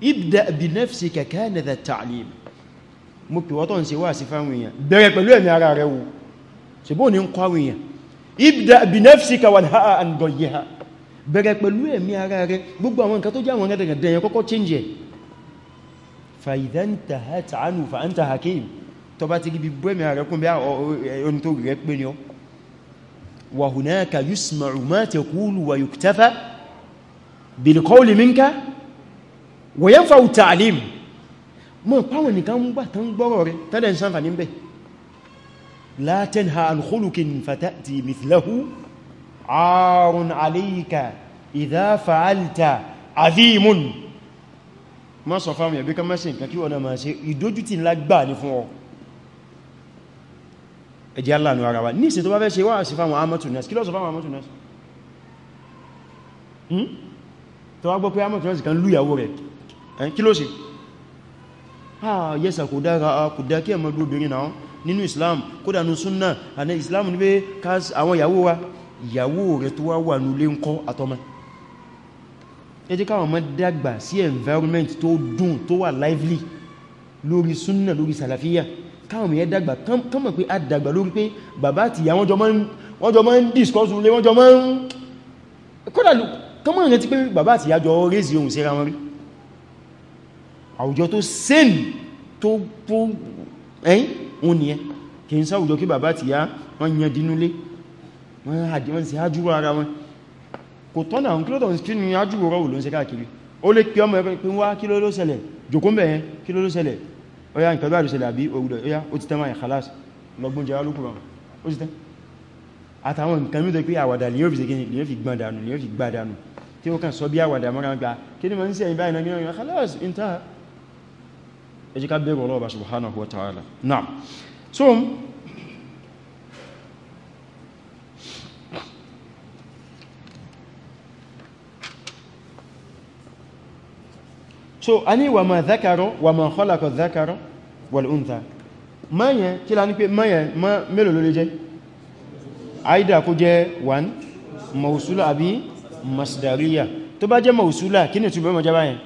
ibda bi nafsika kana dha ta'lim mo pè wọ́tọ̀ ń ṣe wá sí fáwọn èèyàn bẹ̀rẹ̀ pẹ̀lú ẹ̀mí ara rẹ̀ wò ṣe bó ní ń kọ́ àwọn èèyàn ibda bi nafsika wanha'a an ghayyiha bẹ̀rẹ̀ pẹ̀lú ẹ̀mí ara rẹ̀ gbogbo àwọn nǹkan tó jẹ́ àwọn ẹ̀dẹ̀gẹ̀dẹ̀ yẹn kọ́kọ́ change fa idha intahata bí bú ẹ̀mí ara rẹ̀ kún bí ohun tó rẹ̀ wọ̀yẹ́ fa òtà alim mọ́ páwọn nìkan ń gbà tán gbọ́rọ̀ rẹ̀ tẹ́lẹ̀ ń sánfà níbẹ̀ látẹ́n ha alkhulukin fatati mithlahu ààrùn alayka idha fa'alta azimun ma sọ fáwọn yàbí kan mẹ́sìn kan kí wọ́n ma ṣe ìdójútì ńlá gbà ní fún ọ ẹjẹ́ aláàánú ara wa ní ìsìn tó bá fẹ́ ṣe wá sí fáwọn amatunas kí ló sọ fáwọn amatunas tó wá gbọ́ pé amatunas kan lúyàwó rẹ̀ ẹn kí ló ṣe ah yes kò dára kò dá kí ẹmọ obìnrin náà nínú islam kódà ní súnnà àní islam ní pé àwọn ìyàwó wa ìyàwó rẹ̀ tó wá wà ní ilé ń àtọ́mọ́ ẹ káwọn ọmọ dàgbà sí environment tó dùn tó wà lively lórí súnnà lórí sàlàfíyà káwọn ìyẹn dàgbà kọ́mọ̀ pé a dàgbà lórí pé bàbá àti ìyá wọ́n jọ máa ń discuss lé wọ́n jọ máa ń kódà kọ́mọ̀ ìrètí pé bàbá àti ìyá jọ raise ohun síra wọn rí àwùjọ tó sẹ́n tó pọ́ ẹ́yìn òun ni ẹ kì í sáwùjọ kí bàbá ti yá wọ́n yẹn dínúlé wọ́n sì ájúwọ́ ara wọn kò tọ́nà àwọn kílódọ̀ kí ni ájúwọ́ rọ̀ ló ń ṣe káàkiri ó lè pí ọmọ ẹgbẹ́ pé wá kí ló ló ṣẹlẹ̀ jòkó mẹ́ẹ̀ kí ló ló ṣẹlẹ̀ ọya nǹkan bá ṣẹlẹ̀ àbí òwúrọ̀ ọya ó ti tẹ́ máa ìkàlás lọ́gbọ́n jẹ́ alókùnrin ó ti tẹ́ àtàwọn nǹkan mí tó pé àwàdà ni yóò fi ṣegin ni yóò fi gbọ́n dànù ni yóò fi gbà dànù tí ó kàn sọ bí àwàdà mọ́ra gbà kí ni mo ń ẹ̀yìn báyìí náà ẹ jẹ́ ká bẹ̀rù Ọlọ́run subhanahu wa ta'ala naam so so a ní wà máa zákàrọ wà máa kọ́lákọ̀ zákàrọ wàlúùntà mayan kí la ní pé mayan mélòó ló lè jẹ́ aida kó jẹ́ 1 mausula àbí masdariya tó bá jẹ́ mausula kí ni túnbẹ̀ mọ̀ jẹ́ báyẹn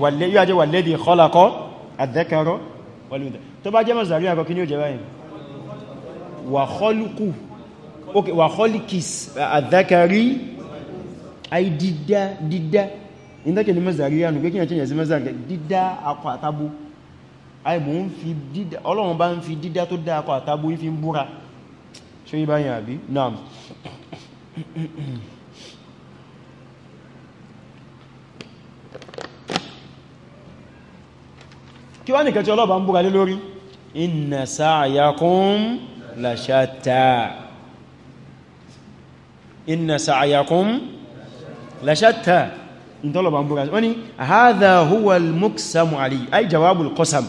yóò jẹ́ wàlẹ́dì kọ́lákọ́ àdẹ́kẹrọ wọlúùdá tó bá jẹ́ mọ̀sàrí àkọ́ kí ní ó jẹ́ báyìí wàhọ́lùkù wàhọ́lùkìs àdẹ́kẹrí àìdídá dídá ìdákẹ̀ ní mọ̀sàrí ànù pé kí ní àjẹ́yẹ̀ sí mọ̀sàrí dídá akọ àtabo àìbò ń fi dídá ọlọ́run bá ń fi dídá tó kí wá nìkan tí ọlọ́ọ̀bá ń búra lé lórí inna sa'yakum la shatta inna sa'yakum la shatta ìtọ́lọ̀bá ń búra wọ́n ni hadha huwa al-muqsamu alayhi ay jawabu al-qasam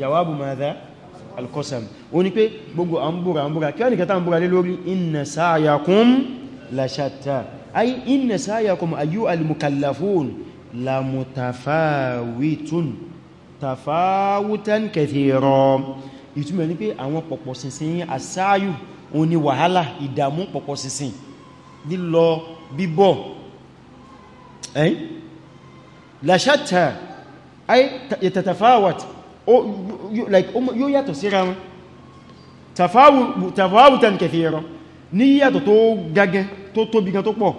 jawabu madha al-qasam ó ní pé gbogbo à búra à búra kí wá nìkan tá ń búra lé lórí inna sa'yakum la ay inna sa'yakum ayu al-mukallafun lamutafawitun tafawutan kathira ìtumọ̀ ní pé àwọn pọ̀pọ̀ sínsìn asáyù òun ni wàhálà ìdàmú pọ̀pọ̀ sínsìn lílọ bíbọ̀ ẹ́yìn làṣàtà yàtàtàfáwàt yóò yàtọ̀ síra wọn tafawutan kathira ní yàtọ̀ tó gágẹ́ tó tóbi gan tó pọ̀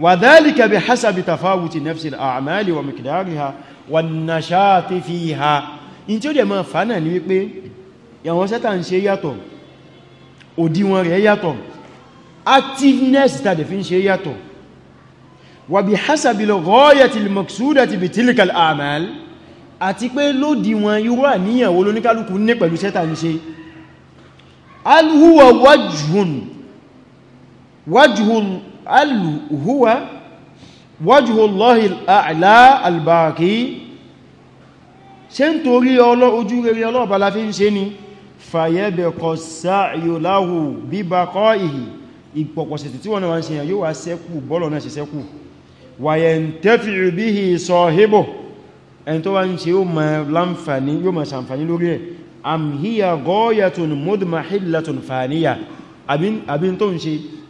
وذلك بحسب تفاوت نفس الأعمال ومقدارها والنشاط فيها in tí ó dẹ̀ máa fánà ní wípé àwọn sẹ́ta ń ṣe yàtọ̀ òdíwọn rẹ̀ yàtọ̀ activeness ta dẹ̀ fi ń ṣe yàtọ̀ wà bí hasabi lọ rọ́yẹ̀ tí mọ̀súdà ti bí tílìkà àmàl àti pé lódíwọn irú àníyàwó lóníkálùkù ní pẹ̀lú sẹ́ta ń ṣe alhuwa wajhun wajhun al huwa wajhu Allahi al-a'la al-baqi ṣe ń torí ọlọ́ ojú rere ọlọ́ọ̀bá la fi ń ṣe ni fayabqa sa'yu lahu bi baqa'ihi ìpọ̀pọ̀sẹ̀tì tí wọ́n wọ́n ṣe yàn yóò wá sẹ́kù bọ́lọ̀ náà ṣe sẹ́kù wa yantafi'u bihi sahibuhu ẹni tó wá ń ṣe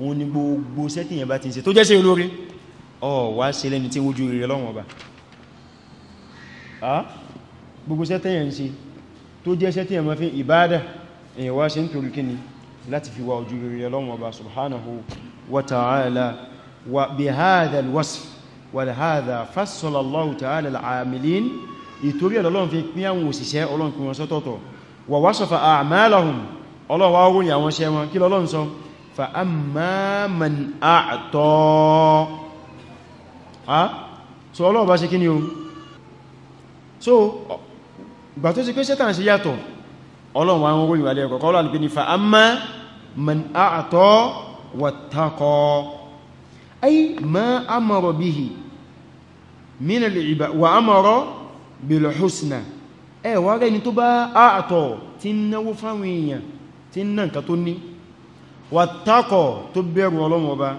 òun ni gbogbo sẹ́tì yẹn bá ti ṣe tó jẹ́ṣẹ́ olórí ọ wá ṣe lẹ́ni tí wójú rẹ̀ lọ́wọ́n ọba gbogbo sẹ́tì yẹn ṣe tó jẹ́ṣẹ́ tí yẹn ma fi ìbádà èyàn wá ṣe ń torí kíni láti fi wá ojú rẹ̀ lọ́wọ́n ọba subhanahu wa ta'ala wa bi hadha alwasf wa hadha fassala Allahu ta'ala al'amilin ìtorí ọlọ́run àwọn òṣìṣẹ́ wọn kí lọ́lọ́run فأما من أعطى ها so Ọlọ́run bá ṣe kí ni o so gbà tó ṣe pé ṣẹ́tàn ṣe yàtọ̀ Ọlọ́run wa ń ròyìn wà lẹ́ẹ̀kọ́ kọ́lọ̀ alìpín ni fa'amma man a'ta wattaqa ay ma amara bihi min al-ibad wa amara bil ẹ wá rẹ̀ ni tó bá a'ta tí náwó fáwọn èèyàn tí náà nǹkan tó ní wàtàkọ̀ tó bẹ̀rù ọlọ́run ọba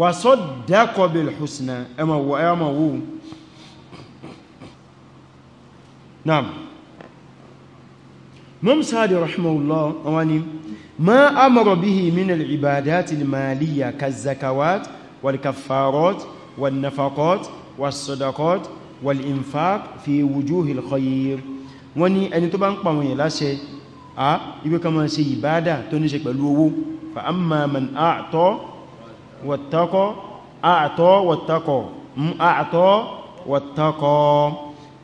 wà sọ́dẹ́kọ̀ bil husna ẹmà wọ ẹmà wó náà mọ́m sáàdì wọn ni ma amara bihi min al-ibadati al-maliyya kaz-zakawat wal-kaffarat wal-nafaqat was-sadaqat wal-infaq fi wujuhi al-khayr wọn ni ẹni tó bá ń pàwọn yẹ̀ láṣẹ a ibi kan ṣe ìbádà tó ní ṣe pẹ̀lú owó فأما من أعطى واتقى أعطى واتقى أعطى واتقى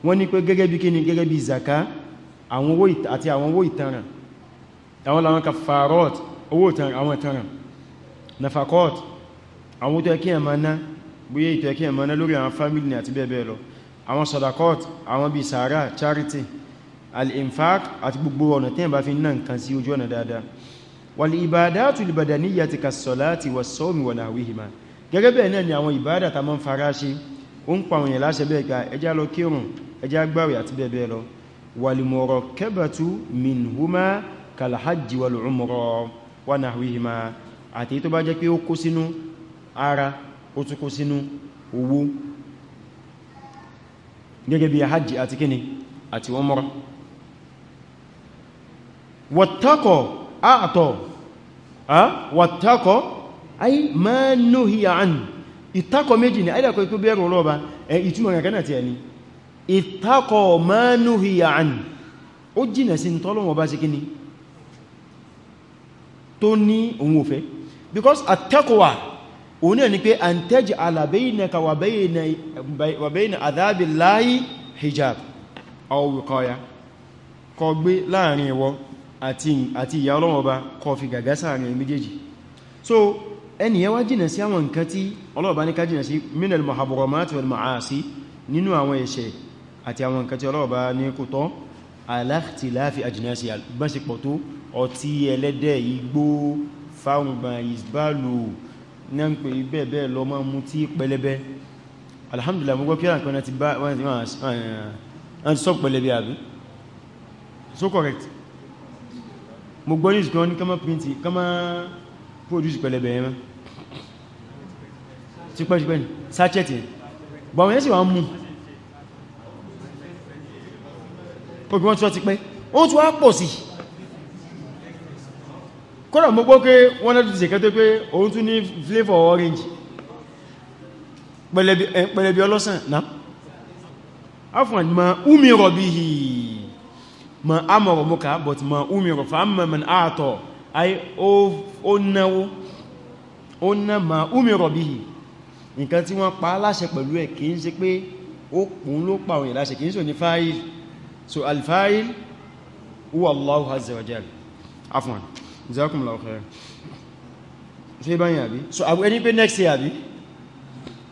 wọ́n ní pé gẹ́gẹ́ bí kíni gẹ́gẹ́ bí zaka àwọn owó àti àwọn owó ìtanràn àwọn làwọn kafarot owó àwọn ìtanràn nafakot àwọn tó ẹkí ẹ̀mọ́ ná bóyé ìtọ́ ẹkí ẹ̀mọ́ ná lórí àwọn family ni àti bẹ́ẹ̀bẹ́ẹ̀ lọ àwọn sadakot àwọn bí sàárà charity al-infaq àti gbogbo ọ̀nà tí ẹ bá fi ná nǹkan sí ojú ọ̀nà dáadáa wal-ibadatu al-badaniyyati kas-salati was-sawmi wa nahwihima gẹ́gẹ́ bẹ́ẹ̀ náà ni àwọn ìbádà ta mọ́ ń fara ṣe ó ń pa àwọn èèyàn láṣẹ bẹ́ẹ̀ ga ẹjá lọ kírùn ẹjá gbààwẹ̀ àti hajji àti tó àti kíni àti umra àtọ̀ wàtàkọ́ ayi ma nuhiya an ìtàkọ̀ méjì ni ayílẹ̀kọ́ ikú bẹ̀rù ọlọ́ọ̀bá ìtumọ̀ kankan àti ẹni ìtàkọ̀ ma nuhiya an ó jìnà sí tọ́lọ́wọ̀ bá sí kí ni tó ní òun òfẹ́ because at-taqwa òun náà ni pé an taj'ala baynaka wa bayna hijab aw wiqaya kọ gbé láàrin ìwọ àti ìyà Ọlọ́run Ọba kó fi gàgá sáàrin méjèèjì so ẹni yẹn wá jìnà sí àwọn nǹkan tí Ọlọ́run Ọba ní ká jìnà sí minal muhabbamat wal ma'asi nínú àwọn ẹ̀ṣẹ̀ àti àwọn nǹkan tí Ọlọ́run Ọba ní kò tọ́ ala ikhtilafi ajnasi báṣepọ̀ tó ọtí ẹlẹ́dẹ̀ igbó fáwọngbà ìsbálò náà ń pè bẹ́ẹ̀ bẹ́ẹ̀ lọ máa mú tí pẹlẹbẹ so correct mo gbọ́ news kan ní kọ́mọ́ print kọ́mọ́ produce pẹlẹbẹ ẹ̀mọ́ tí pẹ́ ṣùgbẹ́ ní sachet yẹn bọ̀ wọ́n yẹ́ sì wọ́n mú obì wọ́n tí wọ́n ti pẹ́ o tí wọ́n pọ̀ sí kọ́nà mo gbọ́ pé wọ́n lẹ́tù ti orange pẹlẹbẹ ọlọ́sàn náà afọ̀n ma umi rọ̀bí hìí ma amọ̀rọ̀ muka but ma umiro. fa'amma man àtọ̀ ai ó náwó ó ná ma umirọ̀ bí i nǹkan tí wọ́n pa láṣẹ pẹ̀lú ẹ̀ kìí ṣe pé ó kùn ló pàwọn ìláṣẹ kìí ṣe ní fa'il so alfa'il huwa Allahu azza wa jalla afwan jazakumullahu khairan ṣe báyìí àbí so abu ẹni pé next year àbí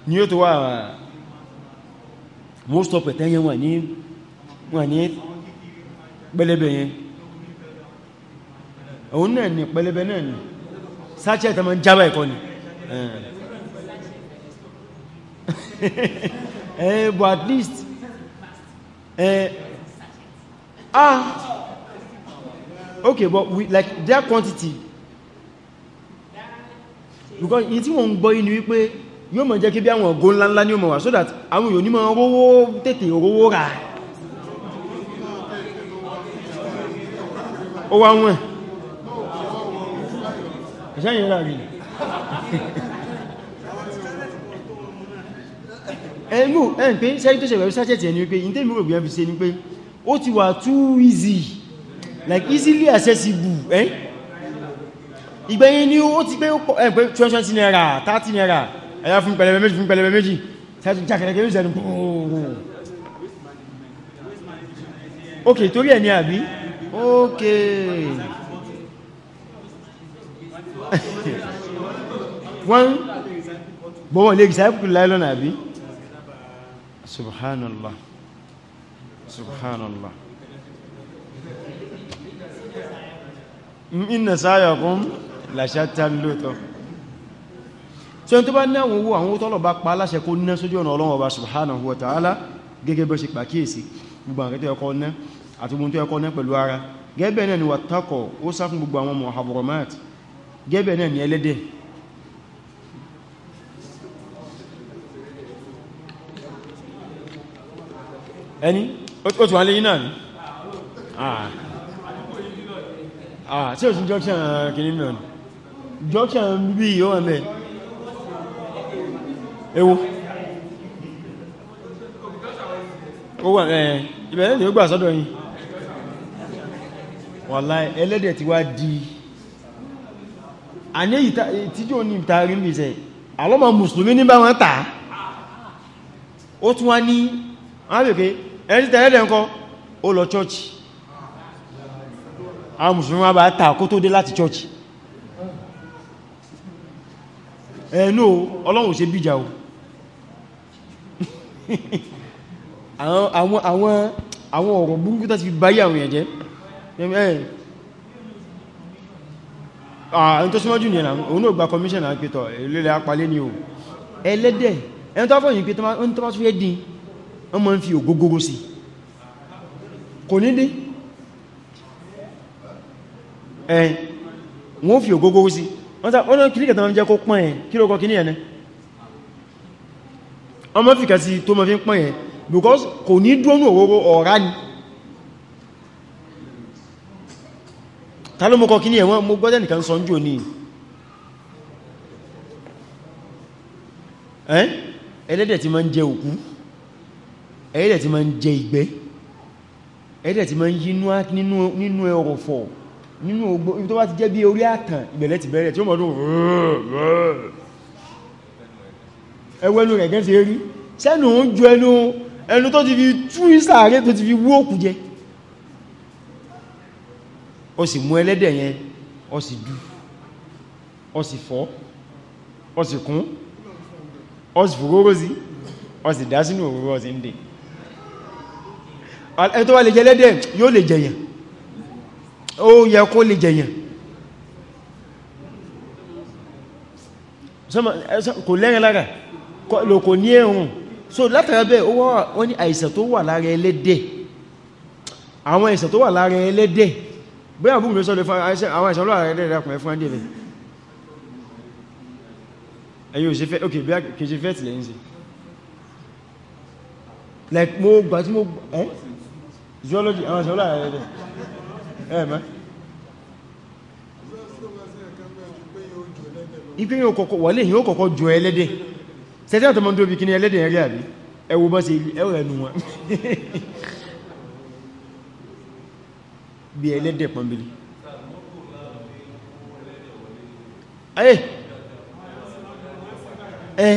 ni ó tó wà most of it ẹ̀yẹn wà ní pẹlẹbẹ yẹn òun náà ni pẹlẹbẹ náà ni sáchẹ́ tẹ́mọ̀ jábà ẹ̀kọ́ ni ẹ̀ eh, but at least ẹ̀ eh, ah okay but we, like their quantity because yìí tí wọ́n ń gbọ́ inú wípé yóò mọ̀ jẹ́ kí bí àwọn ọ̀gọ́ ńláńlá ní ọmọ wà so that àwọn yóò ní mọ̀ owó tètè owó rà ó wá wọ́n ìṣẹ́yìn láàrin ẹ̀mú ẹ̀n pé sẹ́rí tó ṣẹ̀rẹ̀ sáṣẹ̀tì ẹni wípé in tèmi rògbé ẹbí se ni pé ó ti wà too easy like easily accessible ẹ́ ìgbẹ̀yìn ni ó ti pé ẹ̀pẹ́ 20 naira 30 naira ẹ̀yà fún pẹlẹbẹ méjì fún pẹlẹbẹ méjì sẹ́tún jákẹ̀ẹ́kẹ́ méjì ẹnu ok torí ẹ̀ ni àbí ok. wọ́n gbọ́wọ́n lè gìsáyẹ́kù láìlọ́nà àbí subhanallah subhanallah inna sáyàkún làṣátà lótọ́ tí ó tó bá náà wọ́n àwọn tọ́lọ̀ bá pa aláṣẹ kó ná sójú ọ̀nà Ọlọ́run Ọba subhanahu wa ta'ala gẹ́gẹ́ bó ṣe pàkíyèsí gbogbo àkẹ́tẹ́ ọkọ̀ náà àti gbogbo tó ẹkọ́ ní pẹ̀lú ara gẹ́bẹ̀ náà ni wà takọ̀ ó sá fún gbogbo àwọn muhabbarat gẹ́bẹ̀ náà ni ẹlẹ́dẹ̀ ẹni ó tún alé iná ní àà tí ó sì junction eh, kìíní mìíràn junction bí i yóò ẹ̀mẹ́ ewu ó wà ẹ̀ ìbẹ̀rẹ̀ eh, ni ó gbà sọ́dọ̀ yìí wàláì ẹlẹ́dẹ̀ ti wá di àní ìtìjú ní ìtàrí ní ìṣẹ́ àlọ́mà mùsùlùmí ní bá wọn tà ó tún wá ní àbẹ̀kẹ́ ẹni tẹ́ ẹlẹ́dẹ̀ ńkọ́ ó lọ chọ́ọ̀chì àwọn mùsùlùmí wá bá tà kó tó dé láti chọ́ọ̀chì ẹ̀nú ọlọ́run ṣe bíjà o àwọn ọ̀rọ̀ burúkú tó ti báyé àwọn èèyàn jẹ́ ẹ̀yìn tó súnmọ́jú ní ẹ̀nà òun náà gba commission náà pẹ̀tọ̀ ilẹ̀ apalé ní o ẹlẹ́dẹ̀ ẹni tó fọ́yìn pé tó bá tún fẹ́ dín wọ́n máa ń fi ògógóró sí kò ní dín ẹ̀yìn wọ́n fi ògógóró sí wọ́n náà kìlíkẹ̀ tó máa ń jẹ́ kó pọ́n ẹ̀ kí ló kọ kí ní ẹ̀nà ọmọ fìkà sí tó máa fi pọ́n ẹ̀ because kò ní dúnú òwòrò ọ̀rá ta ló mú kọ kíní ẹ̀wọ́n mú gbọ́dẹ̀ nìkan sọ ń jò ní ẹlẹ́dẹ̀ tí ma ń jẹ òkú ẹlẹ́dẹ̀ tí ma ń jẹ ìgbẹ́ ẹlẹ́dẹ̀ tí ma ń yí nínú ẹ̀rọ̀ fọ̀ nínú ogbó ibi tó bá ti jẹ́ bí orí àtàn ìbẹ̀lẹ̀ ti bẹ̀rẹ̀ tí ó mọ̀dún rẹ̀ ó sì mú ẹlẹ́dẹ̀ yẹn ó sì dù ó sì fọ́ ó sì kún ó sì fòróró sí ó sì dá sínú òróró ó sì ń dè ẹni tó wà lè jẹ ẹlẹ́dẹ̀ yóò lè jẹyàn ó yẹ kó lè jẹyàn kò lẹ́rin lára lòkò ní ẹ̀rùn so látara bẹ́ẹ̀ ó wọ́n ní àìsàn tó wà lára ẹlẹ́dẹ̀ àwọn àìsàn tó wà lára ẹlẹ́dẹ̀ bí àbú mi sọ́lẹ̀ fún àwọn ìṣọ́lọ́ ààrẹ rẹ̀ rẹ̀kùnrin fún àdíẹ̀ ẹ̀yìn òṣèfẹ́ ok bí kèjì fẹ́ tìlẹ̀ ń ṣe like mo gbà tí mo ẹ́ zoology àwọn ìṣọ́lọ́ ààrẹ rẹ̀ ẹ̀ mẹ́ ipe yóò kọ̀kọ̀ wọlé yóò kọ̀kọ̀ jọ ẹlẹ́dẹ̀ tẹ́tẹ́ àtọmọdé obì kí ni ẹlẹ́dẹ̀ ẹ̀rẹ́ àbí ẹwọ bá ṣe ẹwọ ẹnu wọn bí ẹlẹ́dẹ̀ pọ̀nbílì ẹ́ ẹ́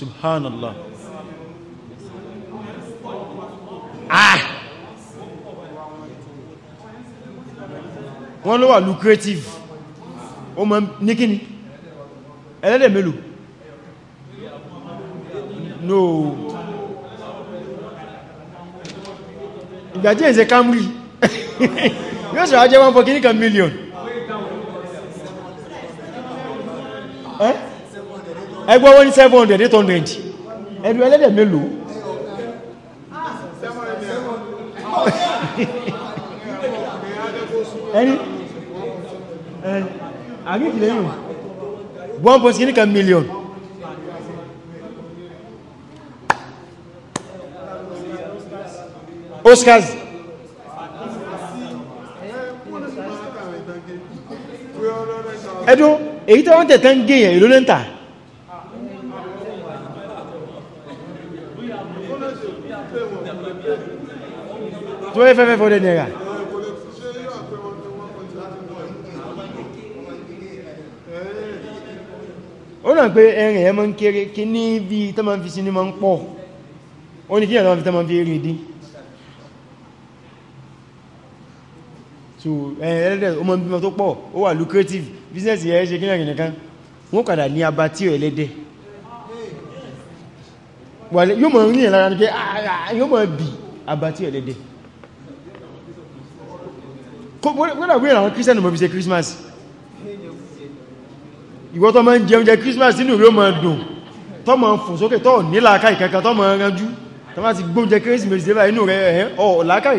subhanallah ah wọ́n ló wà lucrative o mọ̀ ní kíni ẹlẹ́dẹ̀ mélòó no ìgbàtí èsẹ Camry yóò sọ ajẹ́ 1.9 million ẹgbọ́ wọ́n ní 700 800 ẹ̀dù ẹlẹ́dẹ̀ mélòó ẹni àríkìlẹ́yìn 1.9 million oscars ẹdún èyí tó wọ́n tẹ̀tẹ̀ ń gèèyàn ìlú lẹ́ntà tó wé fẹ́fẹ́ fọ́dẹ̀ nìyà ó náà pé ẹ̀rìn ẹ̀mọ́ ń kéré kí ní bí tọ́mọ́ fi sinimọ́ ń pọ̀ ó ní kí ẹ̀lọ́n fi tọ́mọ́ fi rí dín so ẹlẹ́dẹ̀ eh, ọmọ bímọ tó pọ̀ ó wà lucrative business yẹ ṣe kílẹ̀ nìkan wọ́n kàdà ní abatí ẹlẹ́dẹ̀ yóò mọ̀ ní ìlara ní pé ah, ah, ah, yóò mọ̀ bí abatí ẹlẹ́dẹ̀ kódà gbé ìràwọn kírísítẹ́nì mọ̀ bí ṣe Christmas ìwọ tó máa ń jẹun jẹ Christmas nínú rí ó máa dùn tó máa ń fò sókè tó ní làákàì kankan tó máa ń ránjú tó máa Christmas débà inú rẹ̀ ẹ̀ eh, ọ̀ làákàì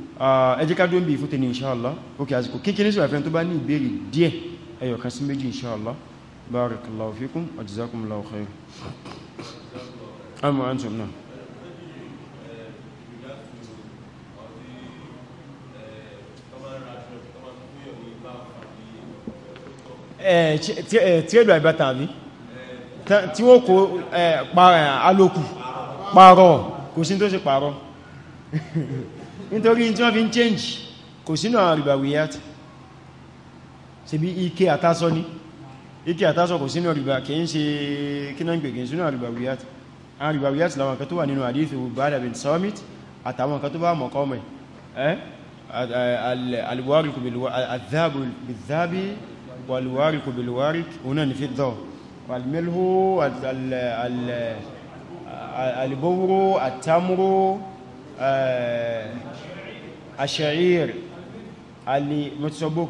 ẹjíká dó ń bí ìfútẹ́ ní inṣáàlá ok àsìkò kíkí ní sọ̀rọ̀fẹ́ tó bá ní ìbéèrè díẹ̀ ẹyọ kan sí méjì inṣáàlá barakallahu fikum wa jazakumullahu khair amma antum náà tí èlò àìbátà àbí tí wọ́n kó alókù pààrọ̀ kò sí tó ṣe pààrọ̀ nítorí tí wọ́n fi ń change kò sínú àwọn ribawiyat ṣe bí ike àtásọ́ ní ike àtásọ́ kò sínú riba kì í ṣe kíná gbègbè sínú àwọn ribawiyat àwọn ribawiyat láwọn kan tó wà nínú hadith Ubada bin Samit àtàwọn kan tó bá mọ̀ kọ́mọ̀ ẹ́ alwariku adhabu bidhabi walwariku bilwarik una ni fidda walmilhu albawru atamru Eh, ashair ali mọ́tíṣọ́gbó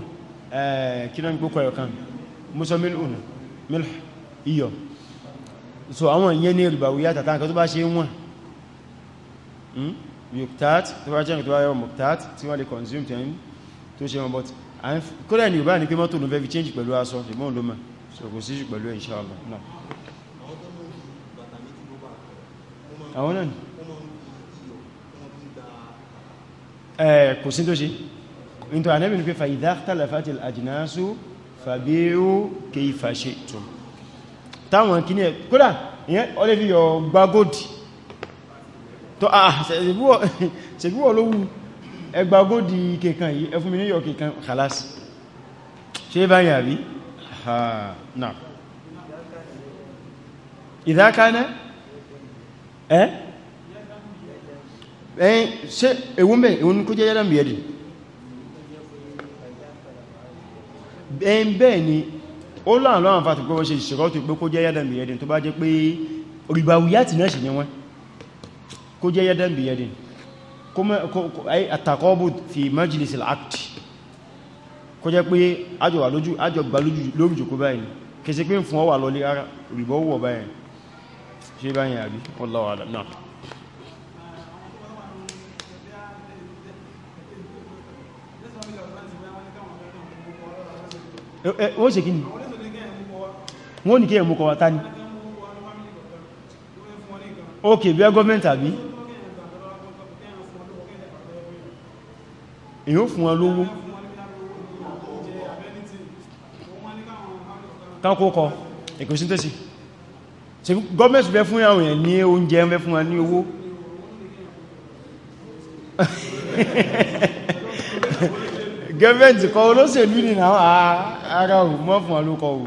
eh, kí náà gbókò ẹ̀kan mọ́sọ mílùn mílù iyọ̀ so àwọn ìyẹn ní ribawiyya tàtà nǹkan tó bá ṣe wọ́n yuktat hmm? tó bá jẹ́ nǹkan tó bá yọ muktat tí wọ́n lè consume tẹ́ tó ṣe wọn but kódà ní yorùbá ní pé mọ́tò ló fi change pẹ̀lú aṣọ ṣùgbọ́n ló so kò sí pẹ̀lú insha Allah náà náà Eh, kò sí tó ṣe ní tó ànẹ́bì ní pé fa idha ikhtalafatil ajnasu fabi'u kayfa shi'tum táwọn kí ní ẹ̀ kódà ìyẹn ọlé fi yọ gbagódì tó à ah, ṣègbúwọ̀ ló wù ẹgbagódì kẹkàn yìí ẹfún mi ní yọ kẹkàn khalas ṣe bá yà rí idha kana ẹ́ eh? ẹ̀yìn eh, ṣe ewu mẹ́ ìwọ̀n kó jẹ́ yẹ́dà mìírì ẹ̀yìn bẹ́ẹ̀ ni ó láàrín àwọn àfàtí pé wọ́n ṣe ìṣẹ́rọ́ tó pé kó jẹ́ yẹ́dà mìírì tó bá jẹ́ pé ribawiyati náà ṣe ní wọ́n kó jẹ́ yẹ́dà mìírì àtàkọ́bù fi majlis al-aqd kó jẹ́ pé àjọwà lójú àjọgbà lórí jòkó báyìí kèsí pé ń fún ọwà lọ lé ara rìbọ̀wọ̀ báyìí ṣe báyìí àbí wallahu a'lam náà wọ́n ṣe kí ni wọ́n ní kí ẹ̀mú kọwa tá ní ok bí ẹ gọ́ọ̀mẹ́ntì àbí èyí ó fún wọn lówó tánkókọ ẹ̀kọ́ síntẹ́sì ṣe gọ́ọ̀mẹ́ntì bẹ́ fún àwọn èèyàn ní oúnjẹ ń fún wọn ní owó gẹ́fẹ́ntì kọ olóṣèlú ní àwọn ara ò mọ́ fún alókọ ò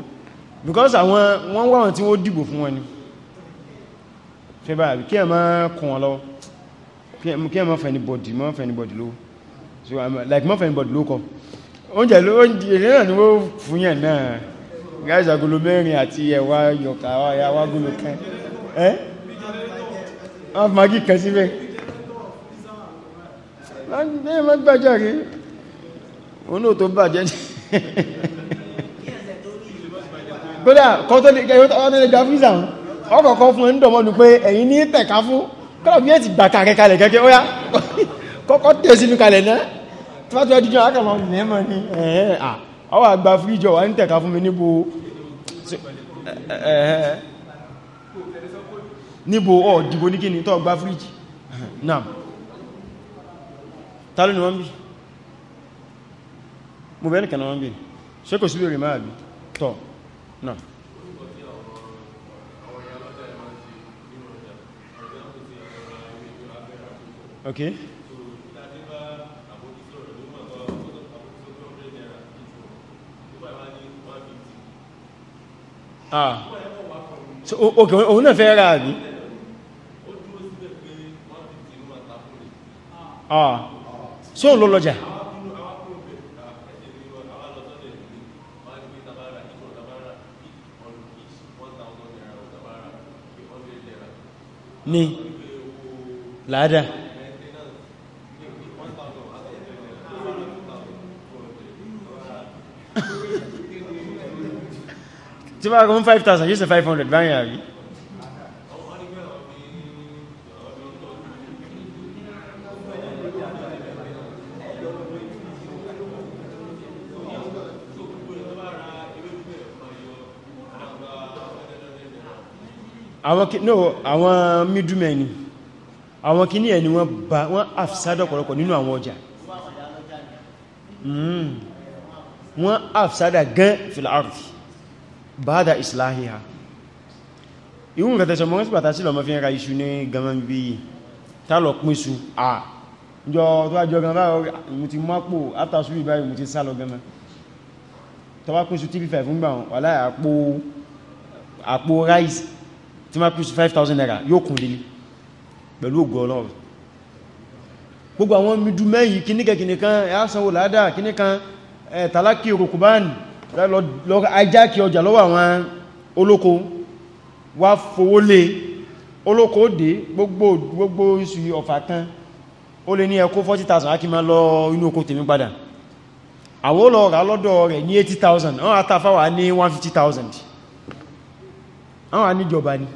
because àwọn wọ́n wọ́n tí wọ́n dìbò fún wọn ni ṣe báyìí kí ẹ máa kùn ọ lọ kí ẹ máa fẹ́ anybody máa fẹ́ anybody ló so like máa fẹ́ anybody ló kọ oúnjẹ ló oúnjẹ náà ni ó fún yẹn náà gáàsì agolo mẹ́rin àti ẹ̀wà yọ̀kà ẹ̀wà agolo kan ẹ́ wọ́n fi magi kan síbẹ̀ wọ́n gbàjọ́ rí onú tó bàjẹ́ jẹ́ kódà kọ́ tó lè gbà fún ìsàwọn ọkọ̀ọ̀kọ́ fún ẹni dọ̀mọ́dù pé ẹ̀yin ní tẹ̀ka fún kọ́lọ̀ bí ẹ̀ ti gbà kàkẹ́ kalẹ̀ kẹ́kẹ́ ó yá kọ́kọ́ sínú kalẹ̀ náà ni ẹ̀ẹ́ àwọn àgbà fún ìjọ wà ní tẹ̀ka fún mi níbo níbo ọ̀ dìbò ní kíni tó gbà mo bẹ́ẹ̀ nìkan wọ́n bèèrè ṣe kò síbèrè máa bí tọ́ náà ok ah so ok òun náà fẹ́ ra àbí ah so lọ lọ́jà ní láàdá tí bá kún 5,000 yóò ṣe 500 báyìí àrí àwọn no àwọn kìíní ẹni wọ́n bá wọ́n àfisádọ̀pọ̀lọpọ̀ nínú àwọn ọjà hmm. wọ́n àfisádà gan filardi bada islahiha ihun kẹtẹsọ mọ́ sípàtà sílọ mọ́ fi ń ra iṣu ní gaman bí i tálọ̀ pínṣu à jọ tó àjọ gan báyọ̀ mú ti mọ́pò átàṣù ìbáyìí mú ti sálọ tí ma pín sí 5,000 naira yóò kún lè ní pẹ̀lú ògùn ọlọ́run gbogbo àwọn mídú mẹ́yìn kíníkẹ̀kíní kan ẹ́sànwò ládá kíní kan tàlákì rukubani lọ ajákì ọjà lọ́wọ́ àwọn olóko wá fowó lé olóko dé gbogbo gbogbo iṣu ọ̀fà kan ó lè ní ẹkó 40,000 akí ma lọ inú oko tèmi padà àwọn lọ lọ́dọ̀ rẹ̀ ní 80,000 àwọn àtàfàwà ní 150,000 àwọn àníjọba ni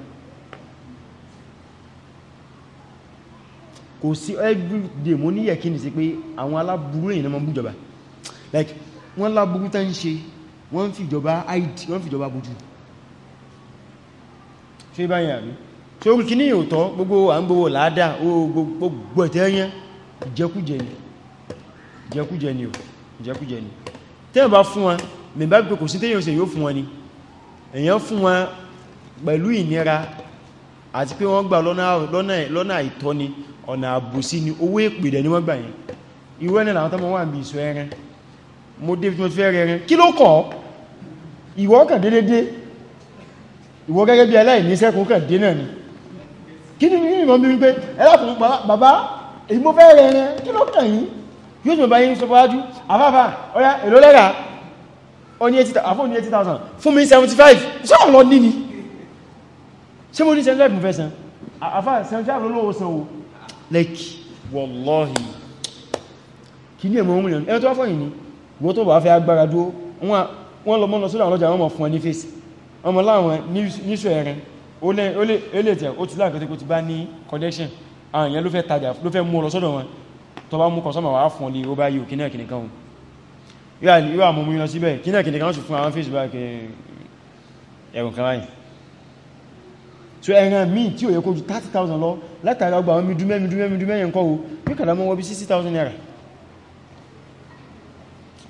kò sí everyday mo ní yẹ̀kí ní sí pé àwọn aláburú èyàn náà mọ́ bújọba like wọ́n láburú tán ṣe wọ́n fi ìjọba id wọ́n fi ìjọba bójú ṣe báyìí àrí ṣe orí kìíní ìyòtọ́ gbogbo à ń gbogbo láàdá gbogbo ẹ̀tẹ́yẹn ìjẹkújẹ ni ìjẹkújẹ ni ìjẹkújẹ ni tẹ́yàn bá fún wọn mẹ́bá gbogbo sí tẹ́yàn ṣe yóò fún wọn ni èyàn fún wọn pẹ̀lú ìnira àti pé wọ́n gbà lọ́nà àìtọ́ ni ọ̀nà àbòsí ni owó ìpìdẹ̀ ni wọ́n gbà yẹn irú ẹni làwọn tọ́mọ wà bí ìsọ ẹran mo dé fi mo fẹ́ rẹrin kí ló kọ́ ìwọ kàn dédédé ìwọ gẹ́gẹ́ bí aláìníṣẹ́kùn kàn dé náà ni kí ni mi mọ́ bí wípé ẹlọ́kùn bàbá èyí mo fẹ́ rẹrin kí ló kàn yín yóò tún bá yín sọ fọ́wájú àfáàfá ọ̀yá èlò lẹ́gà ó ní 80,000 fún 75 ni ṣe mo ní 75 mo fẹ́ san àfá 75 lọ́lọ́wọ́ san o like wallahi kí ní ẹ̀mọ̀ ohun ìrìn ẹ̀tọ́ fọ́yìn ni wọ́n tó bá fẹ́ agbára dúó wọ́n lọ mọ́ lọ ti láàkẹ́ tó ti bá ní connection àwọn èèyàn ló fẹ́ tajà ló fẹ́ mú ọ lọ sọ́dọ̀ wọn tó bá mú kọsọ́mọ̀ wà fún ọlẹ́ ó bá yíò kíní ẹ̀kìnì kan yóò àmúmú yọ síbẹ̀ kíní ẹ̀kìnì kan sì fún àwọn fèsì bá ẹ̀rùn kan láyìí so ẹran míì tí ó yẹ kó ju 30,000 lọ látara ọgbà àwọn midúmẹ́ midúmẹ́ midúmẹ́ yẹn kọ́ o ní kàdàmọ́ wọ́bí 60,000 naira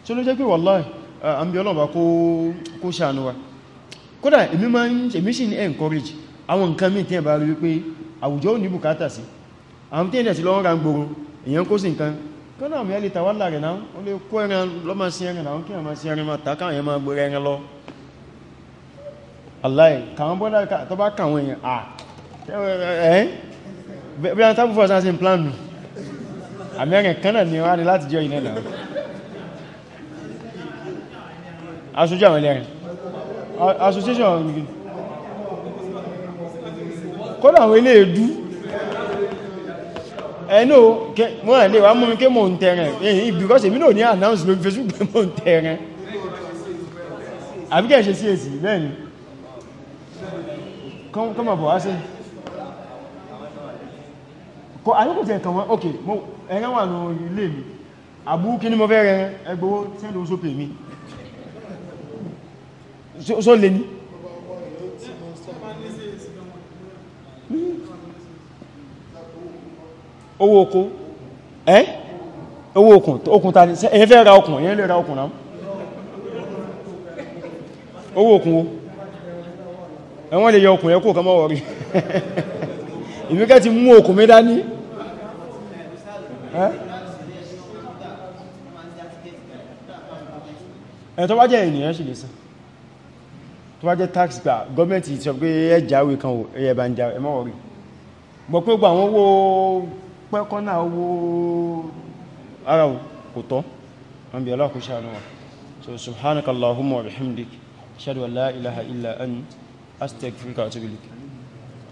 so ló jẹ́ pé wallahi àmì ọlọ́ọ̀bá kó ṣàánú wa kódà èmi máa ń èmi sì ní encourage àwọn nǹkan míì tí ẹ bá rí wípé àwùjọ ò ní bùkátà sí àwọn tí ẹ̀dẹ̀ sí lọ́wọ́ ra ń gbòrò èèyàn kó sí nǹkan kọ́nà àmì ẹlẹ́ta wà láàrin náà ó lè kó ẹran lọ́mọ aláì kàwọn bọ́dá tó bá kàwọn èèyàn à ẹ́ bí a tábù fọ́sán sí plan nù amẹ́rin kanáà ni wá ní láti jẹ́ ìnẹ́ náà aṣojú àwọn ẹlẹ́rin association of nìgbìn kọ́nà àwọn ilé èdú ẹnú wọ́n rẹ̀ lè wá mú mi ké mò ń tẹ̀rẹ̀ èyí because èmi náà ní announce lórí Facebook pé mò ń tẹ̀rẹ̀ àbíkẹ́ ṣe sí èsì bẹ́ẹ̀ ni kọmọ̀ bọ̀ wá sí kọ àyíkò tẹ̀ kàn ok ẹ̀rẹ́ wà ní ilé mi àbú kí ní mo fẹ́ rẹ ẹgbówó tẹ́lú sópè mi só lè ní owó oko ẹ́ owó okùn okùn tàbí ẹ̀yẹ́ fẹ́ ra okùn ẹ̀yẹ́ lè ra okùn náà owó okùn o ẹwọ́n lè yọ okùn ẹkù kan mọ́wọ́ rí ìmíkẹ́ ti mú okùn mi dání ẹ̀ tó bá jẹ́ ènìyàn ṣe lè sàn tó bá jẹ́ tax gbà gọ́ọ̀mẹ́ntì sọ pé ẹjáwé kan ẹyẹ bá ń jáwé ẹmọ́wọ́ rí gbọ́ pé gbà wọ́n wó pẹ́kọ́nà owó ara kò tọ́ wọ́n bí ọlọ́kùnṣẹ́ àánú wọn so subhanakallahumma wa bihamdik ashhadu an la ilaha illa anta Hashtag Fikri Karaçagülük.